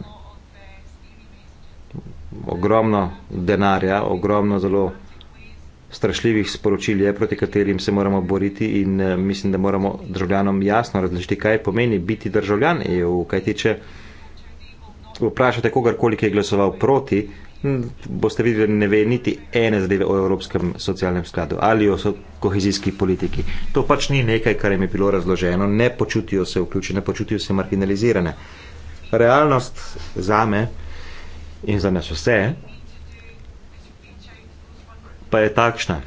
ogromno denarja, ogromno zelo strašljivih sporočil je, proti katerim se moramo boriti in uh, mislim, da moramo državljanom jasno različiti, kaj pomeni biti državljan EU. Kaj tiče, vprašate kogarkoli, ki je glasoval proti, uh, Hm, boste videli, ne ve niti ene zadeve o Evropskem socialnem skladu ali o kohezijski politiki. To pač ni nekaj, kar jim je bilo razloženo, ne počutijo se vključene, počutijo se marginalizirane. Realnost za me in za nas vse pa je takšna.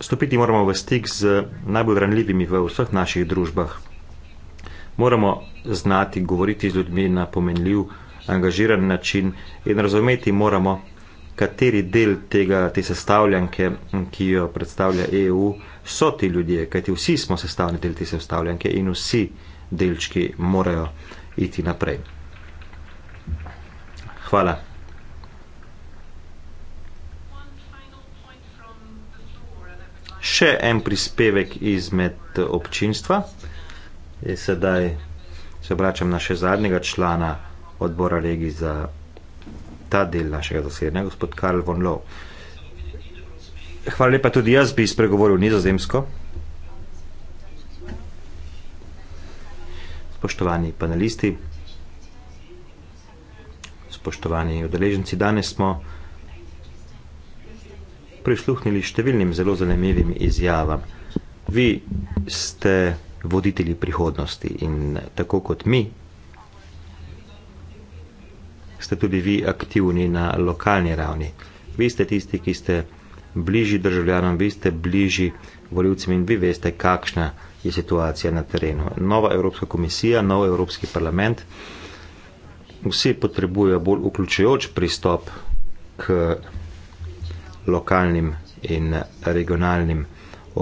Stopiti moramo v stik z najbolj ranljivimi v vseh naših družbah. Moramo znati govoriti z ljudmi na pomenljiv, angažiran način in razumeti moramo, kateri del tega, te sestavljanke, ki jo predstavlja EU, so ti ljudje, kajti vsi smo sestavni del te sestavljanke in vsi delčki morajo iti naprej. Hvala. Še en prispevek izmed občinstva. Sedaj se obračam na še zadnjega člana občinstva odbora regij za ta del našega dosedanja, gospod Karl von Lowe. Hvala lepa, tudi jaz bi spregovoril nizozemsko. Spoštovani panelisti, spoštovani udeleženci, danes smo prisluhnili številnim zelo zanimivim izjavam. Vi ste voditelji prihodnosti in tako kot mi, ste tudi vi aktivni na lokalni ravni. Vi ste tisti, ki ste bližji državljanom, vi ste bližji voljivcem in vi veste, kakšna je situacija na terenu. Nova Evropska komisija, nov Evropski parlament, vsi potrebujejo bolj vključujoč pristop k lokalnim in regionalnim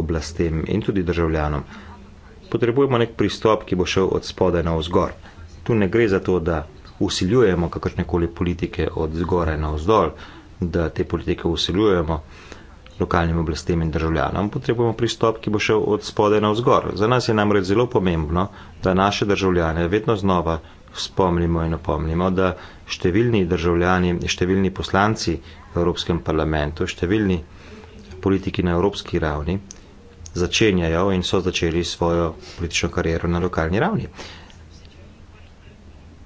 oblastem in tudi državljanom. Potrebujemo nek pristop, ki bo šel od spode na vzgor. Tu ne gre za to, da usiljujemo kakršnekoli politike od zgoraj na vzdolj, da te politike usiljujemo lokalnim oblastem in državljanom, potrebujemo pristop, ki bo šel od spode na vzgor. Za nas je namreč zelo pomembno, da naše državljane vedno znova spomnimo in opomnimo, da številni državljani, številni poslanci v Evropskem parlamentu, številni politiki na evropski ravni začenjajo in so začeli svojo politično kariero na lokalni ravni. Uh,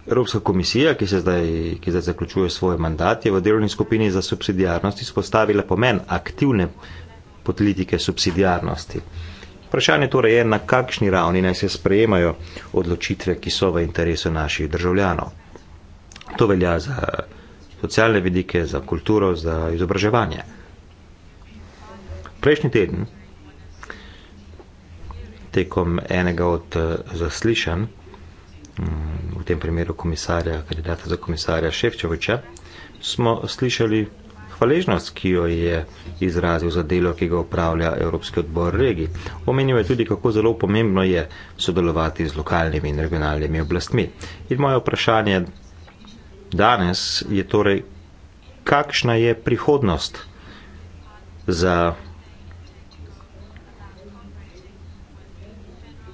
Evropska komisija, ki se zdaj, ki zdaj zaključuje svoj mandat, je v delovni skupini za subsidijarnost izpostavila pomen aktivne politike subsidijarnosti. Vprašanje torej je, na kakšni ravni naj se sprejemajo odločitve, ki so v interesu naših državljanov. To velja za socialne vidike, za kulturo, za izobraževanje. Prejšnji teden, tekom enega od zaslišanj, v tem primeru komisarja, kandidata za komisarja Ševčoviča, smo slišali hvaležnost, ki jo je izrazil za delo, ki ga upravlja Evropski odbor regij. Omenil je tudi, kako zelo pomembno je sodelovati z lokalnimi in regionalnimi oblastmi. In moje vprašanje danes je torej, kakšna je prihodnost za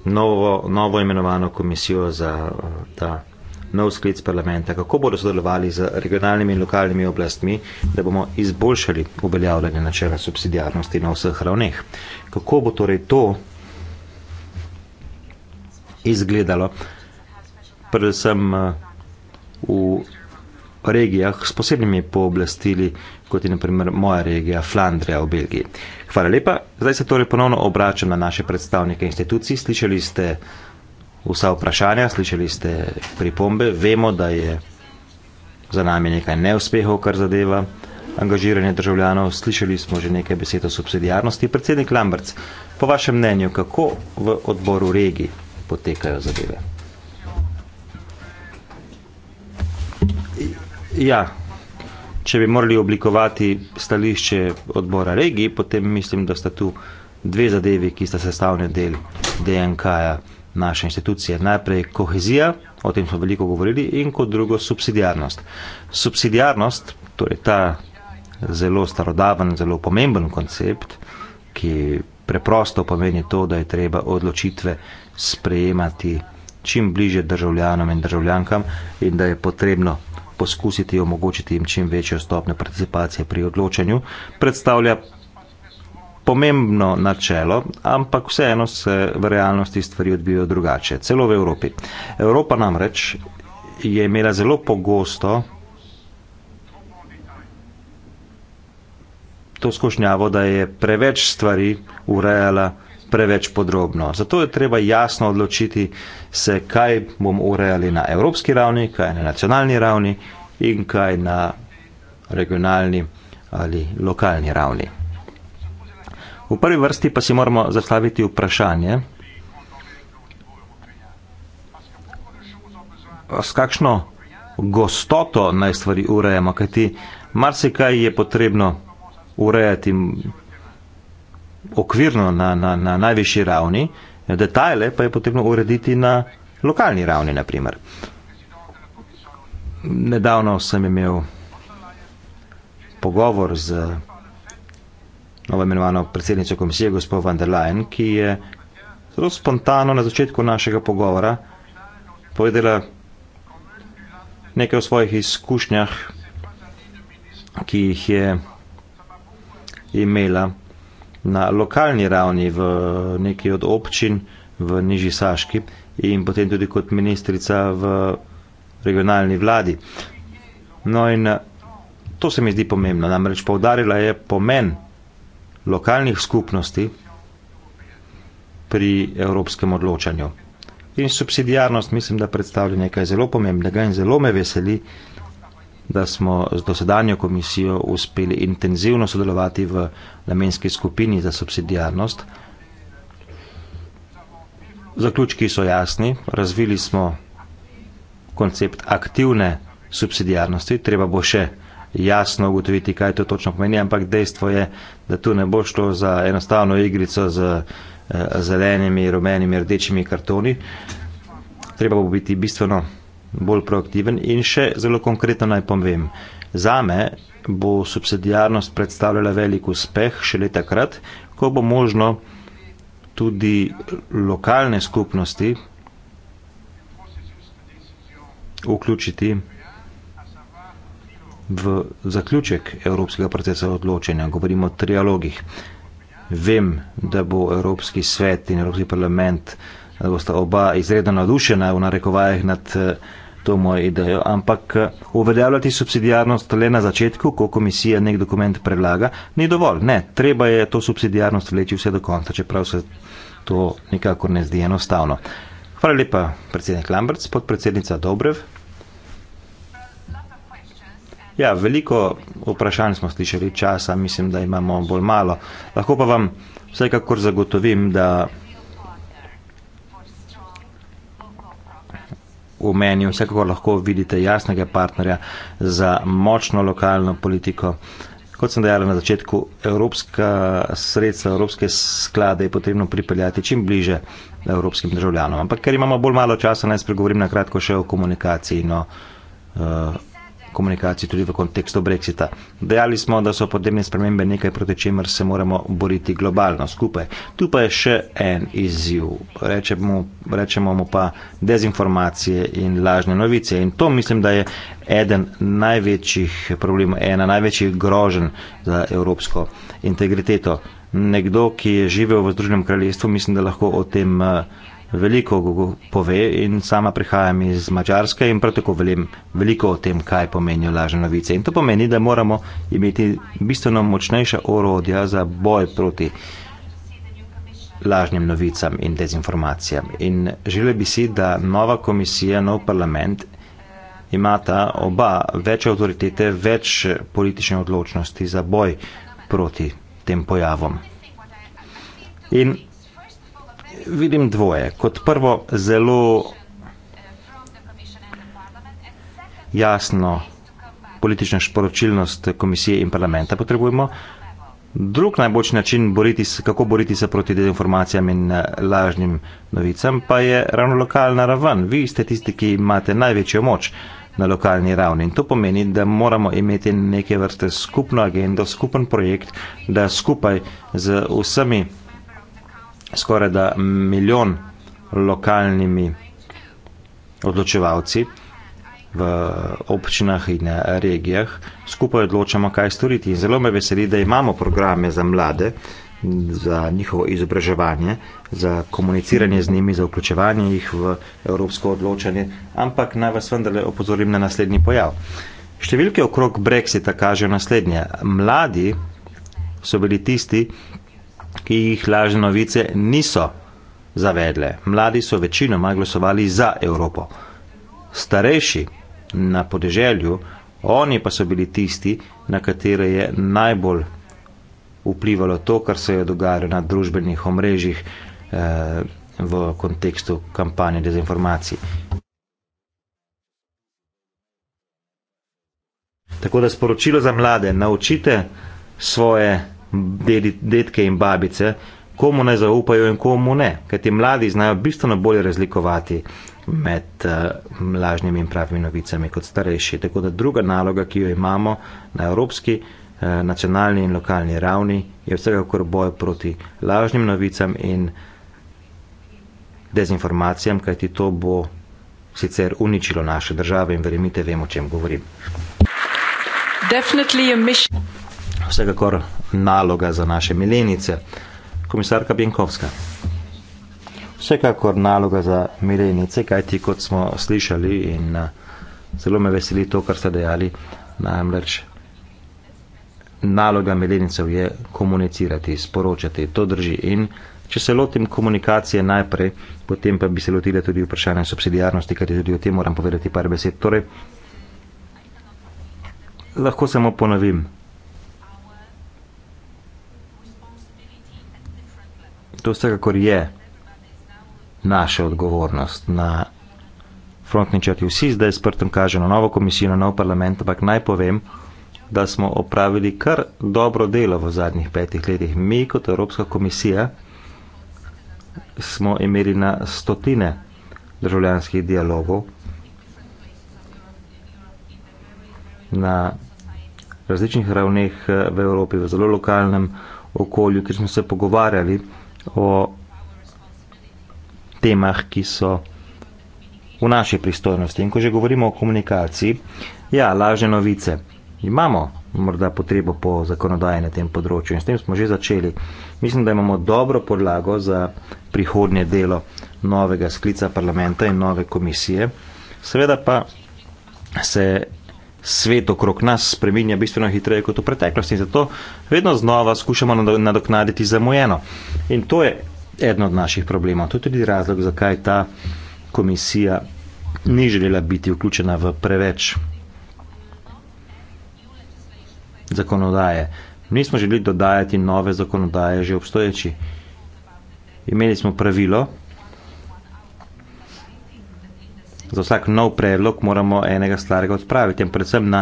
novo, novo imenovano komisijo za ta nov sklic parlamenta, kako bodo sodelovali z regionalnimi in lokalnimi oblastmi, da bomo izboljšali uveljavljanje načela subsidijarnosti na vseh ravneh. Kako bo torej to izgledalo predvsem eh, v regijah s posebnimi pooblastili, kot je naprimer moja regija Flandrija v Belgiji. Hvala lepa, zdaj se torej ponovno obračam na naše predstavnike institucij. Slišali ste vsa vprašanja, slišali ste pripombe, vemo, da je za nami nekaj neuspehov, kar zadeva angažiranje državljanov, slišali smo že nekaj besed o subsidijarnosti. Predsednik Lamberts, po vašem mnenju, kako v odboru regij potekajo zadeve? Ja, Če bi morali oblikovati stališče odbora regij, potem mislim, da sta tu dve zadevi, ki sta sestavni del DNK-ja naše institucije. Najprej kohezija, o tem smo veliko govorili, in kot drugo subsidijarnost. Subsidijarnost, torej ta zelo starodaven, zelo pomemben koncept, ki preprosto pomeni to, da je treba odločitve sprejemati čim bliže državljanom in državljankam in da je potrebno poskusiti omogočiti jim čim večjo stopnjo participacije pri odločanju, predstavlja pomembno načelo, ampak vseeno se v realnosti stvari odbijo drugače, celo v Evropi. Evropa namreč je imela zelo pogosto to skušnjavo, da je preveč stvari urejala preveč podrobno. Zato je treba jasno odločiti se, kaj bomo urejali na evropski ravni, kaj na nacionalni ravni in kaj na regionalni ali lokalni ravni. V prvi vrsti pa si moramo zastaviti vprašanje, s kakšno gostoto naj stvari urejamo, kajti marsikaj je potrebno urejati okvirno na, na, na najvišji ravni, detajle pa je potrebno urediti na lokalni ravni, naprimer. Nedavno sem imel pogovor z novo imenovano predsednico komisije, gospod Van der Leyen, ki je zelo spontano na začetku našega pogovora povedala nekaj o svojih izkušnjah, ki jih je imela na lokalni ravni v neki od občin v Nižji Saški in potem tudi kot ministrica v regionalni vladi. No in eh, to se mi zdi pomembno, namreč povdarila je pomen lokalnih skupnosti pri evropskem odločanju. In subsidijarnost mislim, da predstavlja nekaj zelo pomembnega in zelo me veseli, da smo z dosedanjo komisijo uspeli intenzivno sodelovati v namenski skupini za subsidijarnost. Zaključki so jasni, razvili smo koncept aktivne subsidijarnosti, treba bo še jasno ugotoviti, kaj to točno pomeni, ampak dejstvo je, da tu ne bo šlo za enostavno igrico z eh, zelenimi, rumenimi, rdečimi kartoni. Treba bo biti bistveno bolj proaktiven in še zelo konkretno naj povem. Za me bo subsidijarnost predstavljala velik uspeh še leta krat, ko bo možno tudi lokalne skupnosti vključiti v zaključek evropskega procesa odločanja. Govorimo o trialogih. Vem, da bo Evropski svet in Evropski parlament, da bosta oba izredno nadušena v narekovajih nad uh, to mojo idejo. Ampak eh, uveljavljati subsidijarnost le na začetku, ko komisija nek dokument predlaga, ni dovolj. Ne, treba je to subsidijarnost vleči vse do konca, čeprav se to nikakor ne zdi enostavno. Hvala lepa, predsednik Lamberts, podpredsednica Dobrev. Ja, veliko vprašanj smo slišali časa, mislim, da imamo bolj malo. Lahko pa vam vsekakor zagotovim, da v meni vsekakor lahko vidite jasnega partnerja za močno lokalno politiko. Kot sem dejala na začetku, evropska sredstva, evropske sklade je potrebno pripeljati čim bliže evropskim državljanom. Ampak ker imamo bolj malo časa, naj spregovorim na kratko še o komunikaciji. No, uh, komunikacij tudi v kontekstu brexita. Dejali smo, da so podnebne spremembe nekaj, proti čemer se moramo boriti globalno skupaj. Tu pa je še en izziv. Rečemo, rečemo mu pa dezinformacije in lažne novice. In to mislim, da je eden največjih problemov, ena največjih grožen za evropsko integriteto. Nekdo, ki je živel v Združenem kraljestvu, mislim, da lahko o tem uh, veliko pove in sama prihajam iz Mačarske in prav tako velim veliko o tem, kaj pomenijo lažne novice. In to pomeni, da moramo imeti bistveno močnejša orodja za boj proti lažnim novicam in dezinformacijam. In želel bi si, da nova komisija, nov parlament imata oba več avtoritete, več politične odločnosti za boj proti tem pojavom. In vidim dvoje. Kot prvo, zelo jasno politično sporočilnost komisije in parlamenta potrebujemo. Drug najboljši način, boriti se, kako boriti se proti dezinformacijam in eh, lažnim novicam, pa je ravno lokalna raven. Vi ste tisti, ki imate največjo moč na lokalni ravni. In to pomeni, da moramo imeti neke vrste skupno agendo, skupen projekt, da skupaj z vsemi skoraj da milijon lokalnimi odločevalci v občinah in regijah, skupaj odločamo, kaj storiti. In zelo me veseli, da imamo programe za mlade, za njihovo izobraževanje, za komuniciranje z njimi, za vključevanje jih v evropsko odločanje, ampak naj vas vendarle opozorim na naslednji pojav. Številke okrog Brexita kažejo naslednje. Mladi so bili tisti, ki jih lažne novice niso zavedle. Mladi so večinoma glasovali za Evropo. Starejši na podeželju, oni pa so bili tisti, na katere je najbolj vplivalo to, kar se je dogajalo na družbenih omrežjih eh, v kontekstu kampanje dezinformacij. Tako da sporočilo za mlade, naučite svoje detke in babice, komu naj zaupajo in komu ne. Ker ti mladi znajo bistveno bolje razlikovati med uh, lažnimi in pravimi novicami kot starejši. Tako da druga naloga, ki jo imamo na evropski, uh, nacionalni in lokalni ravni, je vsekakor boj proti lažnim novicam in dezinformacijam, kajti to bo sicer uničilo naše države in verjemite, vemo, o čem govorim. Vsekakor naloga za naše milenice. Komisarka Bjenkovska. Vsekakor naloga za milenice, kajti kot smo slišali in eh, zelo me veseli to, kar ste dejali, namreč naloga milenicev je komunicirati, sporočati, to drži in če se lotim komunikacije najprej, potem pa bi se lotile tudi vprašanje subsidijarnosti, kajti tudi o tem moram povedati par besed. Torej, lahko samo ponovim, To vsekakor je naša odgovornost. Na frontni črti vsi zdaj s prstom kaže na novo komisijo, na nov parlament, ampak naj povem, da smo opravili kar dobro delo v zadnjih petih letih. Mi kot Evropska komisija smo imeli na stotine državljanskih dialogov na različnih ravneh eh, v Evropi, v zelo lokalnem okolju, kjer smo se pogovarjali o temah, ki so v naši pristojnosti. In ko že govorimo o komunikaciji, ja, lažne novice. Imamo morda potrebo po zakonodaji na tem področju in s tem smo že začeli. Mislim, da imamo dobro podlago za prihodnje delo novega sklica parlamenta in nove komisije. Seveda pa se svet okrog nas spreminja bistveno hitreje kot v preteklosti in zato vedno znova skušamo nadoknaditi zamujeno. In to je eden od naših problemov. To je tudi razlog, zakaj ta komisija ni želela biti vključena v preveč zakonodaje. Nismo želeli dodajati nove zakonodaje, že obstoječi. Imeli smo pravilo, za vsak nov predlog moramo enega starega odpraviti. In predvsem na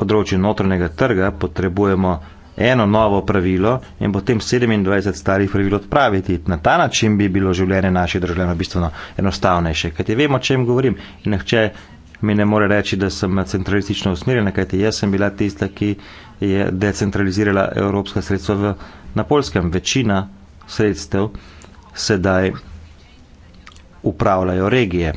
področju notranjega trga potrebujemo eno novo pravilo in potem 27 starih pravil odpraviti. Na ta način bi bilo življenje naših državljanov bistveno enostavnejše. Kajti vemo, o čem govorim. In nekče mi ne more reči, da sem centralistično usmerjen, kajti jaz sem bila tista, ki je decentralizirala evropska sredstva v, na polskem. Večina sredstev sedaj upravljajo regije.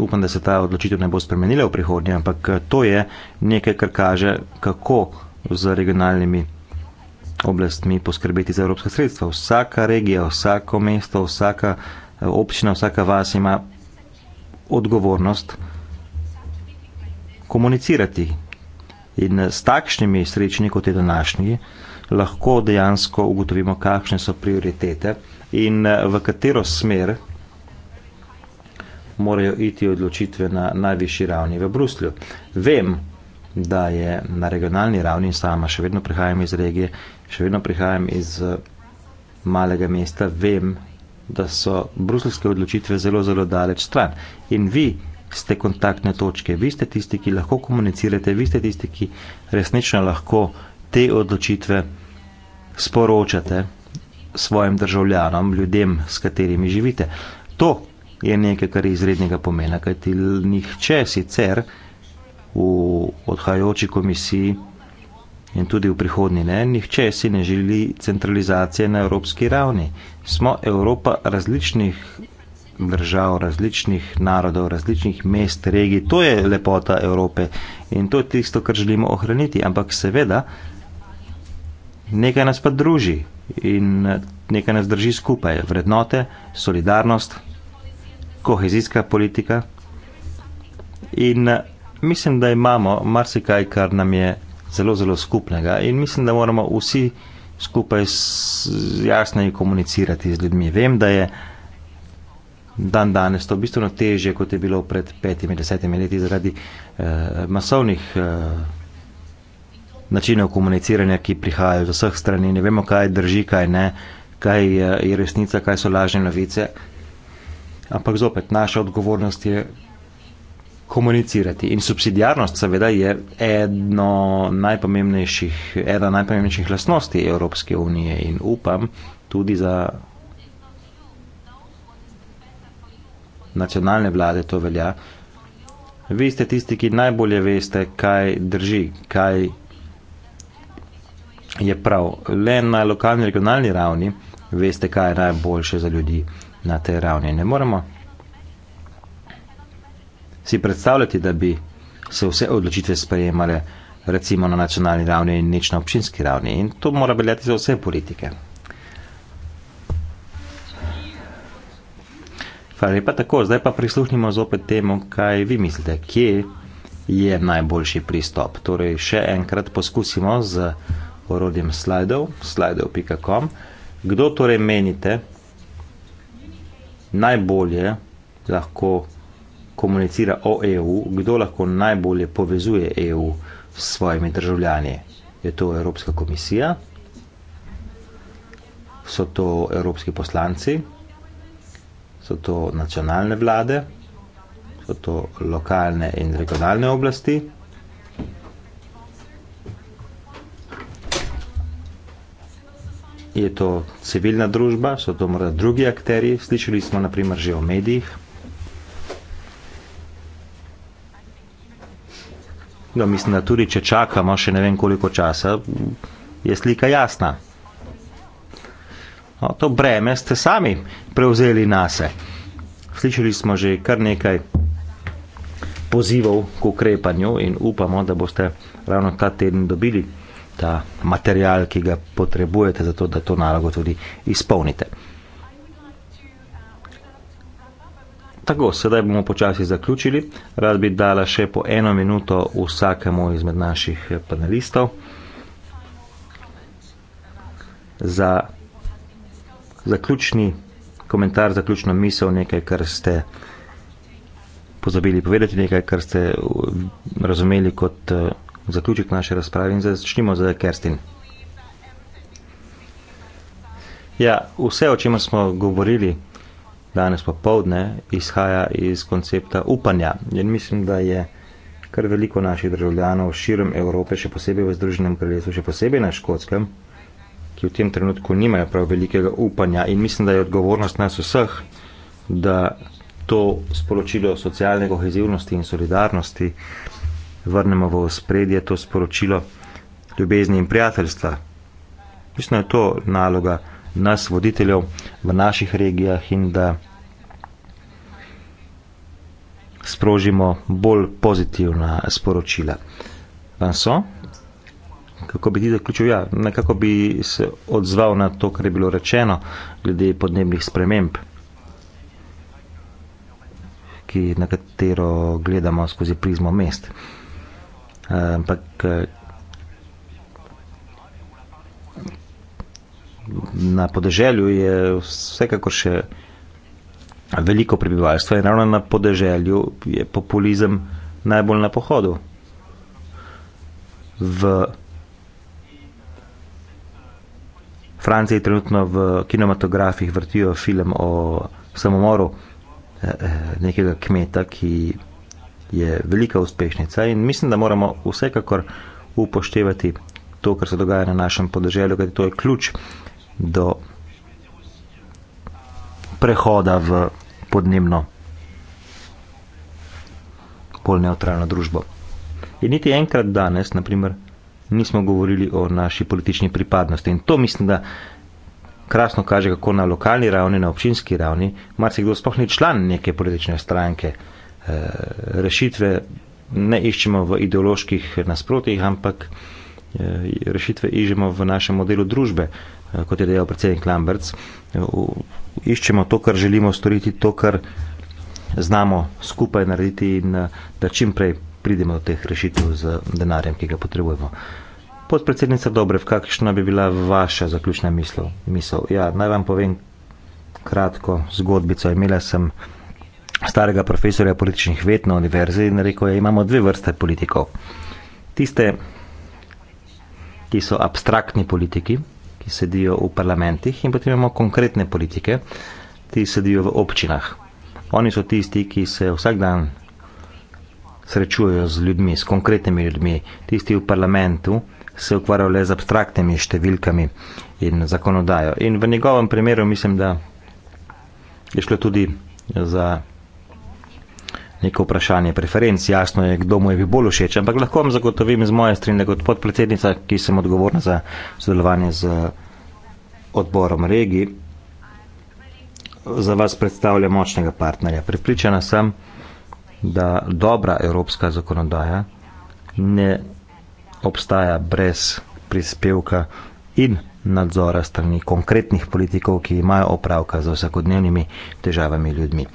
Upam, da se ta odločitev ne bo spremenila v prihodnje, ampak eh, to je nekaj, kar kaže, kako z regionalnimi oblastmi poskrbeti za evropska sredstva. Vsaka regija, vsako mesto, vsaka eh, občina, vsaka vas ima odgovornost komunicirati. In eh, s takšnimi srečni, kot je današnji, lahko dejansko ugotovimo, kakšne so prioritete in v katero smer morajo iti odločitve na najvišji ravni v Bruslju. Vem, da je na regionalni ravni in sama še vedno prihajam iz regije, še vedno prihajam iz eh, malega mesta, vem, da so bruslske odločitve zelo, zelo daleč stran. In vi ste kontaktne točke, vi ste tisti, ki lahko komunicirate, vi ste tisti, ki resnično lahko te odločitve sporočate svojim državljanom, ljudem, s katerimi živite. To, je nekaj, kar je izrednega pomena, kajti nihče sicer v odhajajoči komisiji in tudi v prihodnji ne, nihče si ne želi centralizacije na evropski ravni. Smo Evropa različnih držav, različnih narodov, različnih mest, regij. To je lepota Evrope in to je tisto, kar želimo ohraniti. Ampak seveda, nekaj nas pa druži in nekaj nas drži skupaj. Vrednote, solidarnost kohezijska politika. In eh, mislim, da imamo marsikaj, kar nam je zelo, zelo skupnega in mislim, da moramo vsi skupaj jasno komunicirati z ljudmi. Vem, da je dan danes to bistveno teže, kot je bilo pred petimi, desetimi leti zaradi eh, masovnih eh, načinov komuniciranja, ki prihajajo z vseh strani. Ne vemo, kaj drži, kaj ne, kaj eh, je resnica, kaj so lažne novice. Ampak zopet, naša odgovornost je komunicirati. In subsidijarnost, seveda, je najpomembnejših, ena najpomembnejših lastnosti Evropske unije in upam tudi za nacionalne vlade to velja. Vi ste tisti, ki najbolje veste, kaj drži, kaj je prav. Le na lokalni, regionalni ravni veste, kaj je najboljše za ljudi na tej ravni. Ne moremo si predstavljati, da bi se vse odločitve sprejemale recimo na nacionalni ravni in nič na občinski ravni. In to mora veljati za vse politike. Hvala lepa tako, zdaj pa prisluhnimo zopet temu, kaj vi mislite, kje je najboljši pristop. Torej, še enkrat poskusimo z orodjem slajdov, slajdov.com. Kdo torej menite, najbolje lahko komunicira o EU, kdo lahko najbolje povezuje EU s svojimi državljani. Je to Evropska komisija, so to evropski poslanci, so to nacionalne vlade, so to lokalne in regionalne oblasti. je to civilna družba, so to morda drugi akteri, slišali smo naprimer že o medijih. No, mislim, da tudi če čakamo še ne vem koliko časa, je slika jasna. No, to breme ste sami prevzeli nase. Slišali smo že kar nekaj pozivov k ukrepanju in upamo, da boste ravno ta teden dobili ta material, ki ga potrebujete, zato da to nalogo tudi izpolnite. Tako, sedaj bomo počasi zaključili. Rad bi dala še po eno minuto vsakemu izmed naših panelistov za zaključni komentar, zaključno misel, nekaj, kar ste pozabili povedati, nekaj, kar ste eh, razumeli kot. Eh, zaključek naše razprave in zdaj začnimo z Kerstin. Ja, vse, o čemer smo govorili danes popovdne, izhaja iz koncepta upanja. In mislim, da je kar veliko naših državljanov širom Evrope, še posebej v Združenem kraljestvu, še posebej na Škotskem, ki v tem trenutku nimajo prav velikega upanja. In mislim, da je odgovornost nas vseh, da to sporočilo socialne kohezivnosti in solidarnosti vrnemo v ospredje to sporočilo ljubezni in prijateljstva. Mislim, da je to naloga nas, voditeljev v naših regijah in da sprožimo bolj pozitivna sporočila. Vanso, kako bi ti zaključil? Ja, nekako bi se odzval na to, kar je bilo rečeno glede podnebnih sprememb, ki, na katero gledamo skozi prizmo mesta ampak eh, na podeželju je vsekako še veliko prebivalstva in ravno na podeželju je populizem najbolj na pohodu. V Franciji trenutno v kinematografih vrtijo film o samomoru eh, eh, nekega kmeta, ki je velika uspešnica in mislim, da moramo vsekakor upoštevati to, kar se dogaja na našem podeželju, ker to je ključ do prehoda v podnebno bolj neutralno družbo. In niti enkrat danes, naprimer, nismo govorili o naši politični pripadnosti in to mislim, da krasno kaže, kako na lokalni ravni, na občinski ravni, mar se kdo spohni član neke politične stranke, Eh, rešitve ne iščemo v ideoloških nasprotjih, ampak eh, rešitve iščemo v našem modelu družbe, eh, kot je dejal predsednik Lamberts. Iščemo to, kar želimo storiti, to, kar znamo skupaj narediti in da čim prej pridemo do teh rešitev z denarjem, ki ga potrebujemo. Podpredsednica Dobrev, kakšna bi bila vaša zaključna misel? misel? Ja, naj vam povem kratko zgodbico. Imela sem starega profesorja političnih ved na univerzi in rekel, da imamo dve vrste politikov. Tiste, ki so abstraktni politiki, ki sedijo v parlamentih, in potem imamo konkretne politike, ki sedijo v občinah. Oni so tisti, ki se vsak dan srečujejo z ljudmi, s konkretnimi ljudmi. Tisti v parlamentu se ukvarjajo le z abstraktnimi številkami in zakonodajo. In v njegovem primeru mislim, da je šlo tudi za neko vprašanje preferenc. Jasno je, kdo mu je bil bolj všeč, ampak lahko vam zagotovim z moje strine kot podpredsednica, ki sem odgovorna za sodelovanje z odborom regi, za vas predstavlja močnega partnerja. Pripričana sem, da dobra evropska zakonodaja ne obstaja brez prispevka in nadzora strani konkretnih politikov, ki imajo opravka z vsakodnevnimi težavami ljudmi.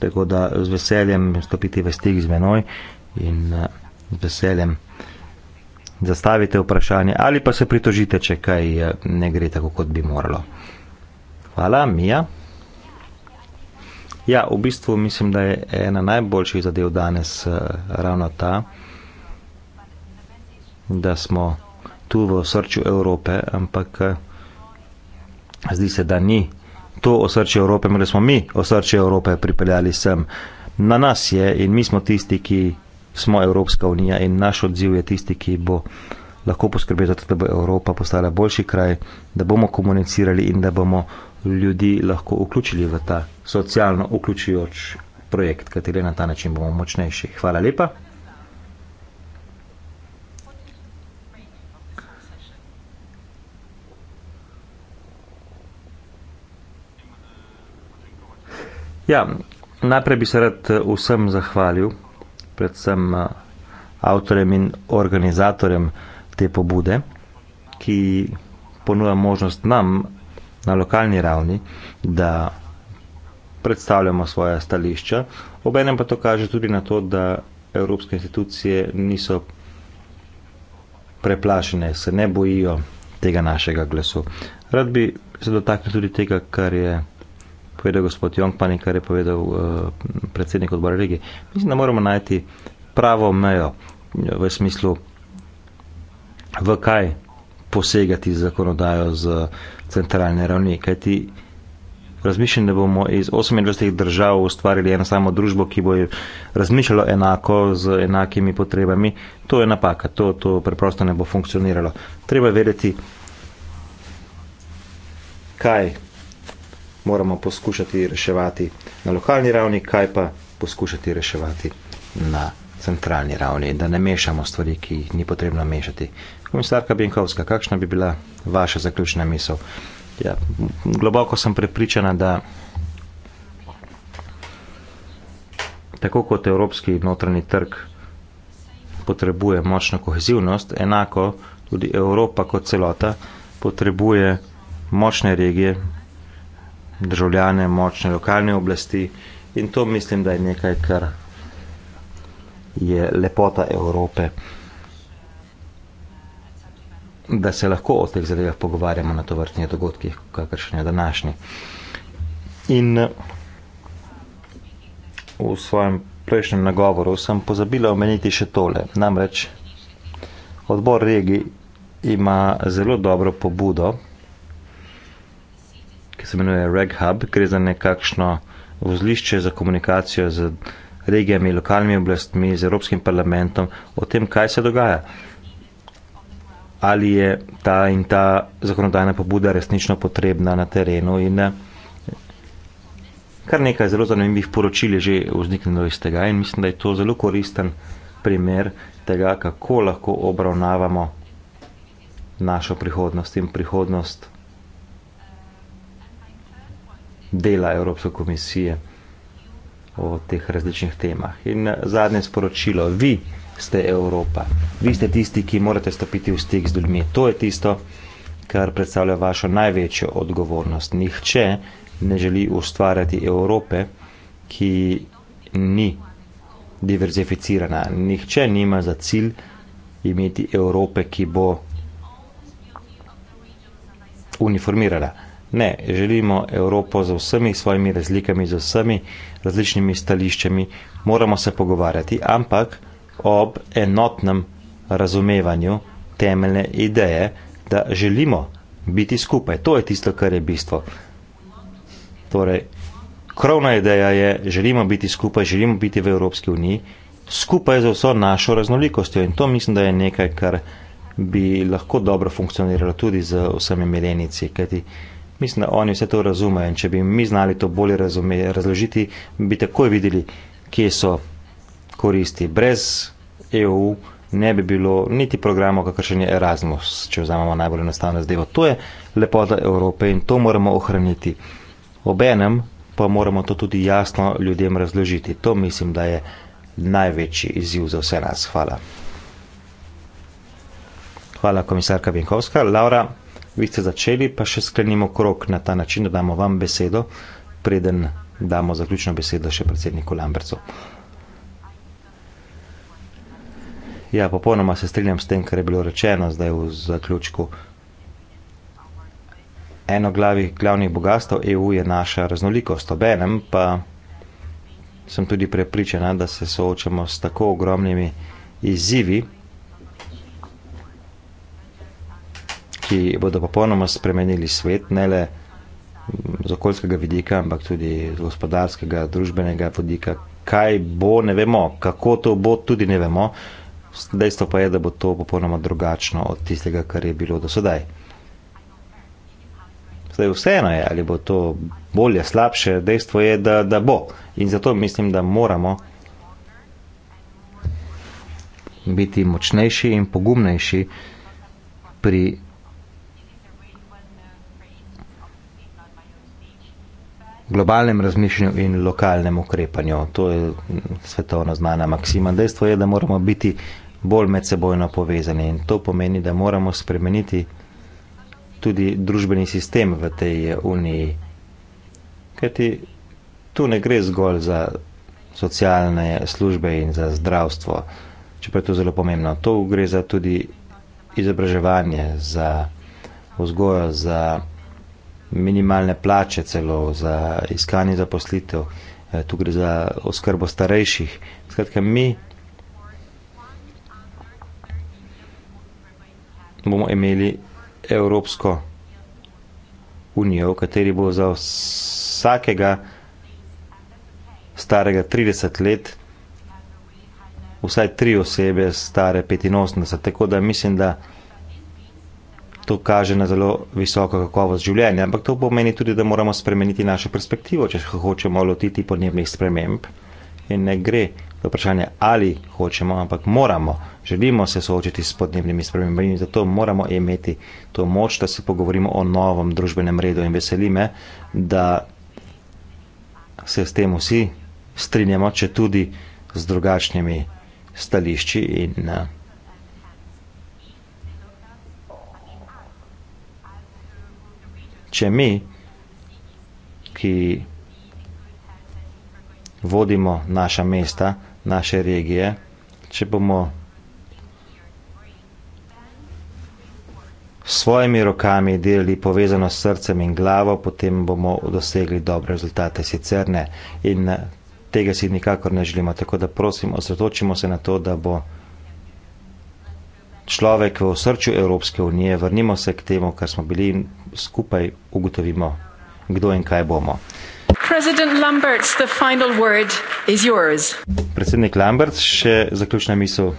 Tako da z veseljem stopite v stik z menoj in eh, z veseljem zastavite vprašanje ali pa se pritožite, če kaj eh, ne gre tako, kot bi moralo. Hvala, Mija. Ja, v bistvu mislim, da je ena najboljših zadev danes eh, ravno ta, da smo tu v srču Evrope, ampak zdi se, da ni to osrčje Evrope, ali smo mi osrčje Evrope pripeljali sem. Na nas je in mi smo tisti, ki smo Evropska unija in naš odziv je tisti, ki bo lahko poskrbel za to, da bo Evropa postala boljši kraj, da bomo komunicirali in da bomo ljudi lahko vključili v ta socialno vključujoč projekt, kateri na ta način bomo močnejši. Hvala lepa. Ja, najprej bi se rad eh, vsem zahvalil, predvsem eh, avtorjem in organizatorjem te pobude, ki ponuja možnost nam na lokalni ravni, da predstavljamo svoja stališča. Obenem pa to kaže tudi na to, da evropske institucije niso preplašene, se ne bojijo tega našega glasu. Rad bi se dotaknil tudi tega, kar je povedal gospod Jong, pa nekaj je povedal uh, predsednik odbora regije. Mislim, da moramo najti pravo mejo eh, v smislu, v kaj posegati z zakonodajo z centralne ravni. Kajti razmišljam, da bomo iz 28 držav ustvarili eno samo družbo, ki bo razmišljalo enako z enakimi potrebami, to je napaka, to, to preprosto ne bo funkcioniralo. Treba vedeti, kaj moramo poskušati reševati na lokalni ravni, kaj pa poskušati reševati na centralni ravni, da ne mešamo stvari, ki jih ni potrebno mešati. Komisarka Binkovska, kakšna bi bila vaša zaključna misel? Ja, globoko sem prepričana, da tako kot evropski notranji trg potrebuje močno kohezivnost, enako tudi Evropa kot celota potrebuje močne regije, državljane, močne lokalne oblasti in to mislim, da je nekaj, kar je lepota Evrope, da se lahko o teh zadevah pogovarjamo na tovrstnih dogodkih, kakršen je današnji. In v svojem prejšnjem nagovoru sem pozabila omeniti še tole. Namreč odbor regi ima zelo dobro pobudo, ki se imenuje RegHub, gre za nekakšno vozlišče za komunikacijo z regijami, lokalnimi oblastmi, z Evropskim parlamentom o tem, kaj se dogaja. Ali je ta in ta zakonodajna pobuda resnično potrebna na terenu in eh, kar nekaj zelo zanimivih poročil je že vzniknilo iz tega in mislim, da je to zelo koristen primer tega, kako lahko obravnavamo našo prihodnost in prihodnost dela Evropske komisije o teh različnih temah. In zadnje sporočilo, vi ste Evropa, vi ste tisti, ki morate stopiti v stik z ljudmi. To je tisto, kar predstavlja vašo največjo odgovornost. Nihče ne želi ustvarjati Evrope, ki ni diverzificirana. Nihče nima za cilj imeti Evrope, ki bo uniformirana. Ne, želimo Evropo z vsemi svojimi razlikami, z vsemi različnimi stališčami, moramo se pogovarjati, ampak ob enotnem razumevanju temeljne ideje, da želimo biti skupaj. To je tisto, kar je bistvo. Torej, krovna ideja je, želimo biti skupaj, želimo biti v Evropski uniji, skupaj z vso našo raznolikostjo in to mislim, da je nekaj, kar bi lahko dobro funkcioniralo tudi z vsemi milenici, kajti mislim, da oni vse to razumejo in če bi mi znali to bolje razume, razložiti, bi takoj videli, kje so koristi. Brez EU ne bi bilo niti programov, kakršen je Erasmus, če vzamemo najbolj enostavno zdevo. To je lepota Evrope in to moramo ohraniti. Obenem pa moramo to tudi jasno ljudem razložiti. To mislim, da je največji izziv za vse nas. Hvala. Hvala, komisarka Binkovska. Laura, vi ste začeli, pa še sklenimo krok na ta način, da damo vam besedo, preden damo zaključno besedo še predsedniku Lambercu. Ja, popolnoma se strinjam s tem, kar je bilo rečeno zdaj v zaključku. Eno glavih glavnih bogastv EU je naša raznolikost, obenem pa sem tudi prepričana, da se soočamo s tako ogromnimi izzivi, ki bodo popolnoma spremenili svet, ne le z okoljskega vidika, ampak tudi z gospodarskega, družbenega vidika. Kaj bo, ne vemo, kako to bo, tudi ne vemo. Dejstvo pa je, da bo to popolnoma drugačno od tistega, kar je bilo do sedaj. Zdaj, vseeno je, ali bo to bolje, slabše, dejstvo je, da, da bo. In zato mislim, da moramo biti močnejši in pogumnejši pri globalnem razmišljanju in lokalnem ukrepanju. To je svetovno znana maksima. Dejstvo je, da moramo biti bolj medsebojno povezani in to pomeni, da moramo spremeniti tudi družbeni sistem v tej uniji. Kajti tu ne gre zgolj za socialne službe in za zdravstvo, čeprav je to zelo pomembno. To gre za tudi izobraževanje, za vzgojo, za minimalne plače celo, za iskanje zaposlitev, e, tu gre za oskrbo starejših. Skratka, mi bomo imeli Evropsko unijo, v kateri bo za vsakega starega 30 let vsaj tri osebe stare 85, tako da mislim, da to kaže na zelo visoko kakovost življenja, ampak to pomeni tudi, da moramo spremeniti našo perspektivo, če hočemo lotiti podnebnih sprememb. In ne gre za vprašanje, ali hočemo, ampak moramo, želimo se soočiti s podnebnimi spremembami in zato moramo imeti to moč, da se pogovorimo o novem družbenem redu. In veseli me, da se s tem vsi strinjamo, če tudi z drugačnimi stališči in. Uh, če mi, ki vodimo naša mesta, naše regije, če bomo s svojimi rokami delali povezano s srcem in glavo, potem bomo dosegli dobre rezultate, sicer ne. In tega si nikakor ne želimo, tako da prosim, osredotočimo se na to, da bo človek v srcu Evropske unije, vrnimo se k temu, kar smo bili in skupaj ugotovimo, kdo in kaj bomo. Predsednik Lambert, še zaključna misel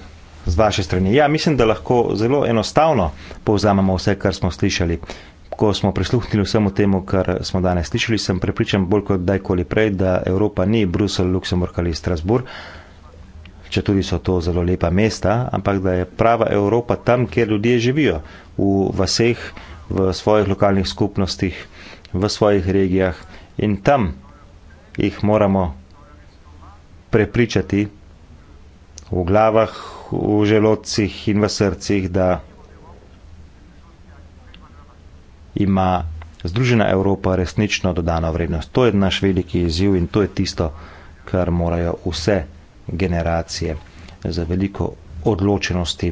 z vaše strani. Ja, mislim, da lahko zelo enostavno povzamemo vse, kar smo slišali. Ko smo prisluhnili vsemu temu, kar smo danes slišali, sem prepričan bolj kot dajkoli prej, da Evropa ni Bruselj, Luksemburg ali Strasburg, če tudi so to zelo lepa mesta, ampak da je prava Evropa tam, kjer ljudje živijo, v vseh, v svojih lokalnih skupnostih, v svojih regijah in tam jih moramo prepričati v glavah, v želodcih in v srcih, da ima Združena Evropa resnično dodano vrednost. To je naš veliki izziv in to je tisto, kar morajo vse generacije, za veliko odločenosti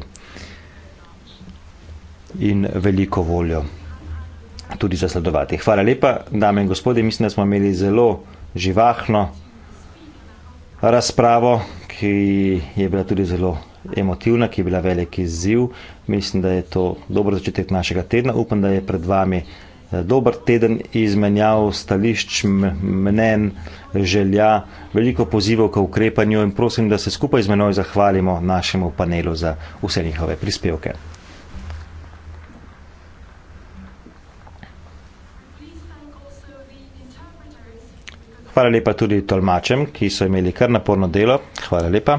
in veliko voljo tudi zasledovati. Hvala lepa, dame in gospode, mislim, da smo imeli zelo živahno razpravo, ki je bila tudi zelo emotivna, ki je bila velik izziv. Mislim, da je to dober začetek našega tedna. Upam, da je pred vami dober teden izmenjav stališč, mnen, želja, veliko pozivov k ukrepanju in prosim, da se skupaj z menoj zahvalimo našemu panelu za vse njihove prispevke. Hvala lepa tudi tolmačem, ki so imeli kar naporno delo. Hvala lepa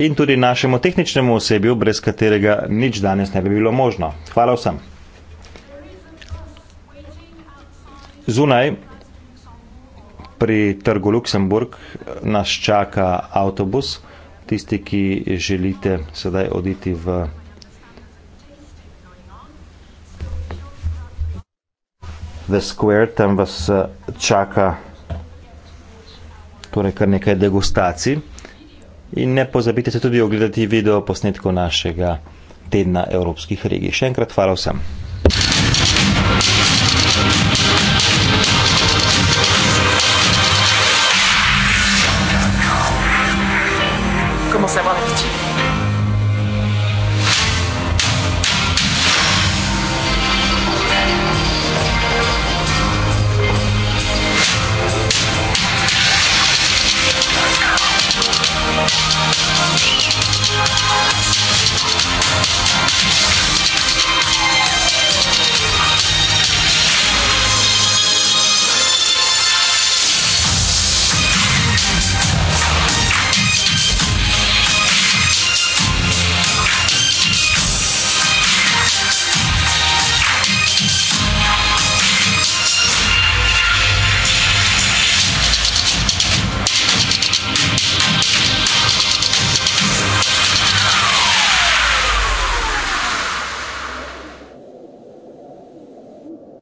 in tudi našemu tehničnemu osebju, brez katerega nič danes ne bi bilo možno. Hvala vsem. Zunaj, pri trgu Luksemburg, nas čaka avtobus. Tisti, ki želite sedaj oditi v. The Square, tam vas eh, čaka torej kar nekaj degustacij. In ne pozabite se tudi ogledati video posnetkov našega tedna evropskih regij. Še enkrat hvala vsem.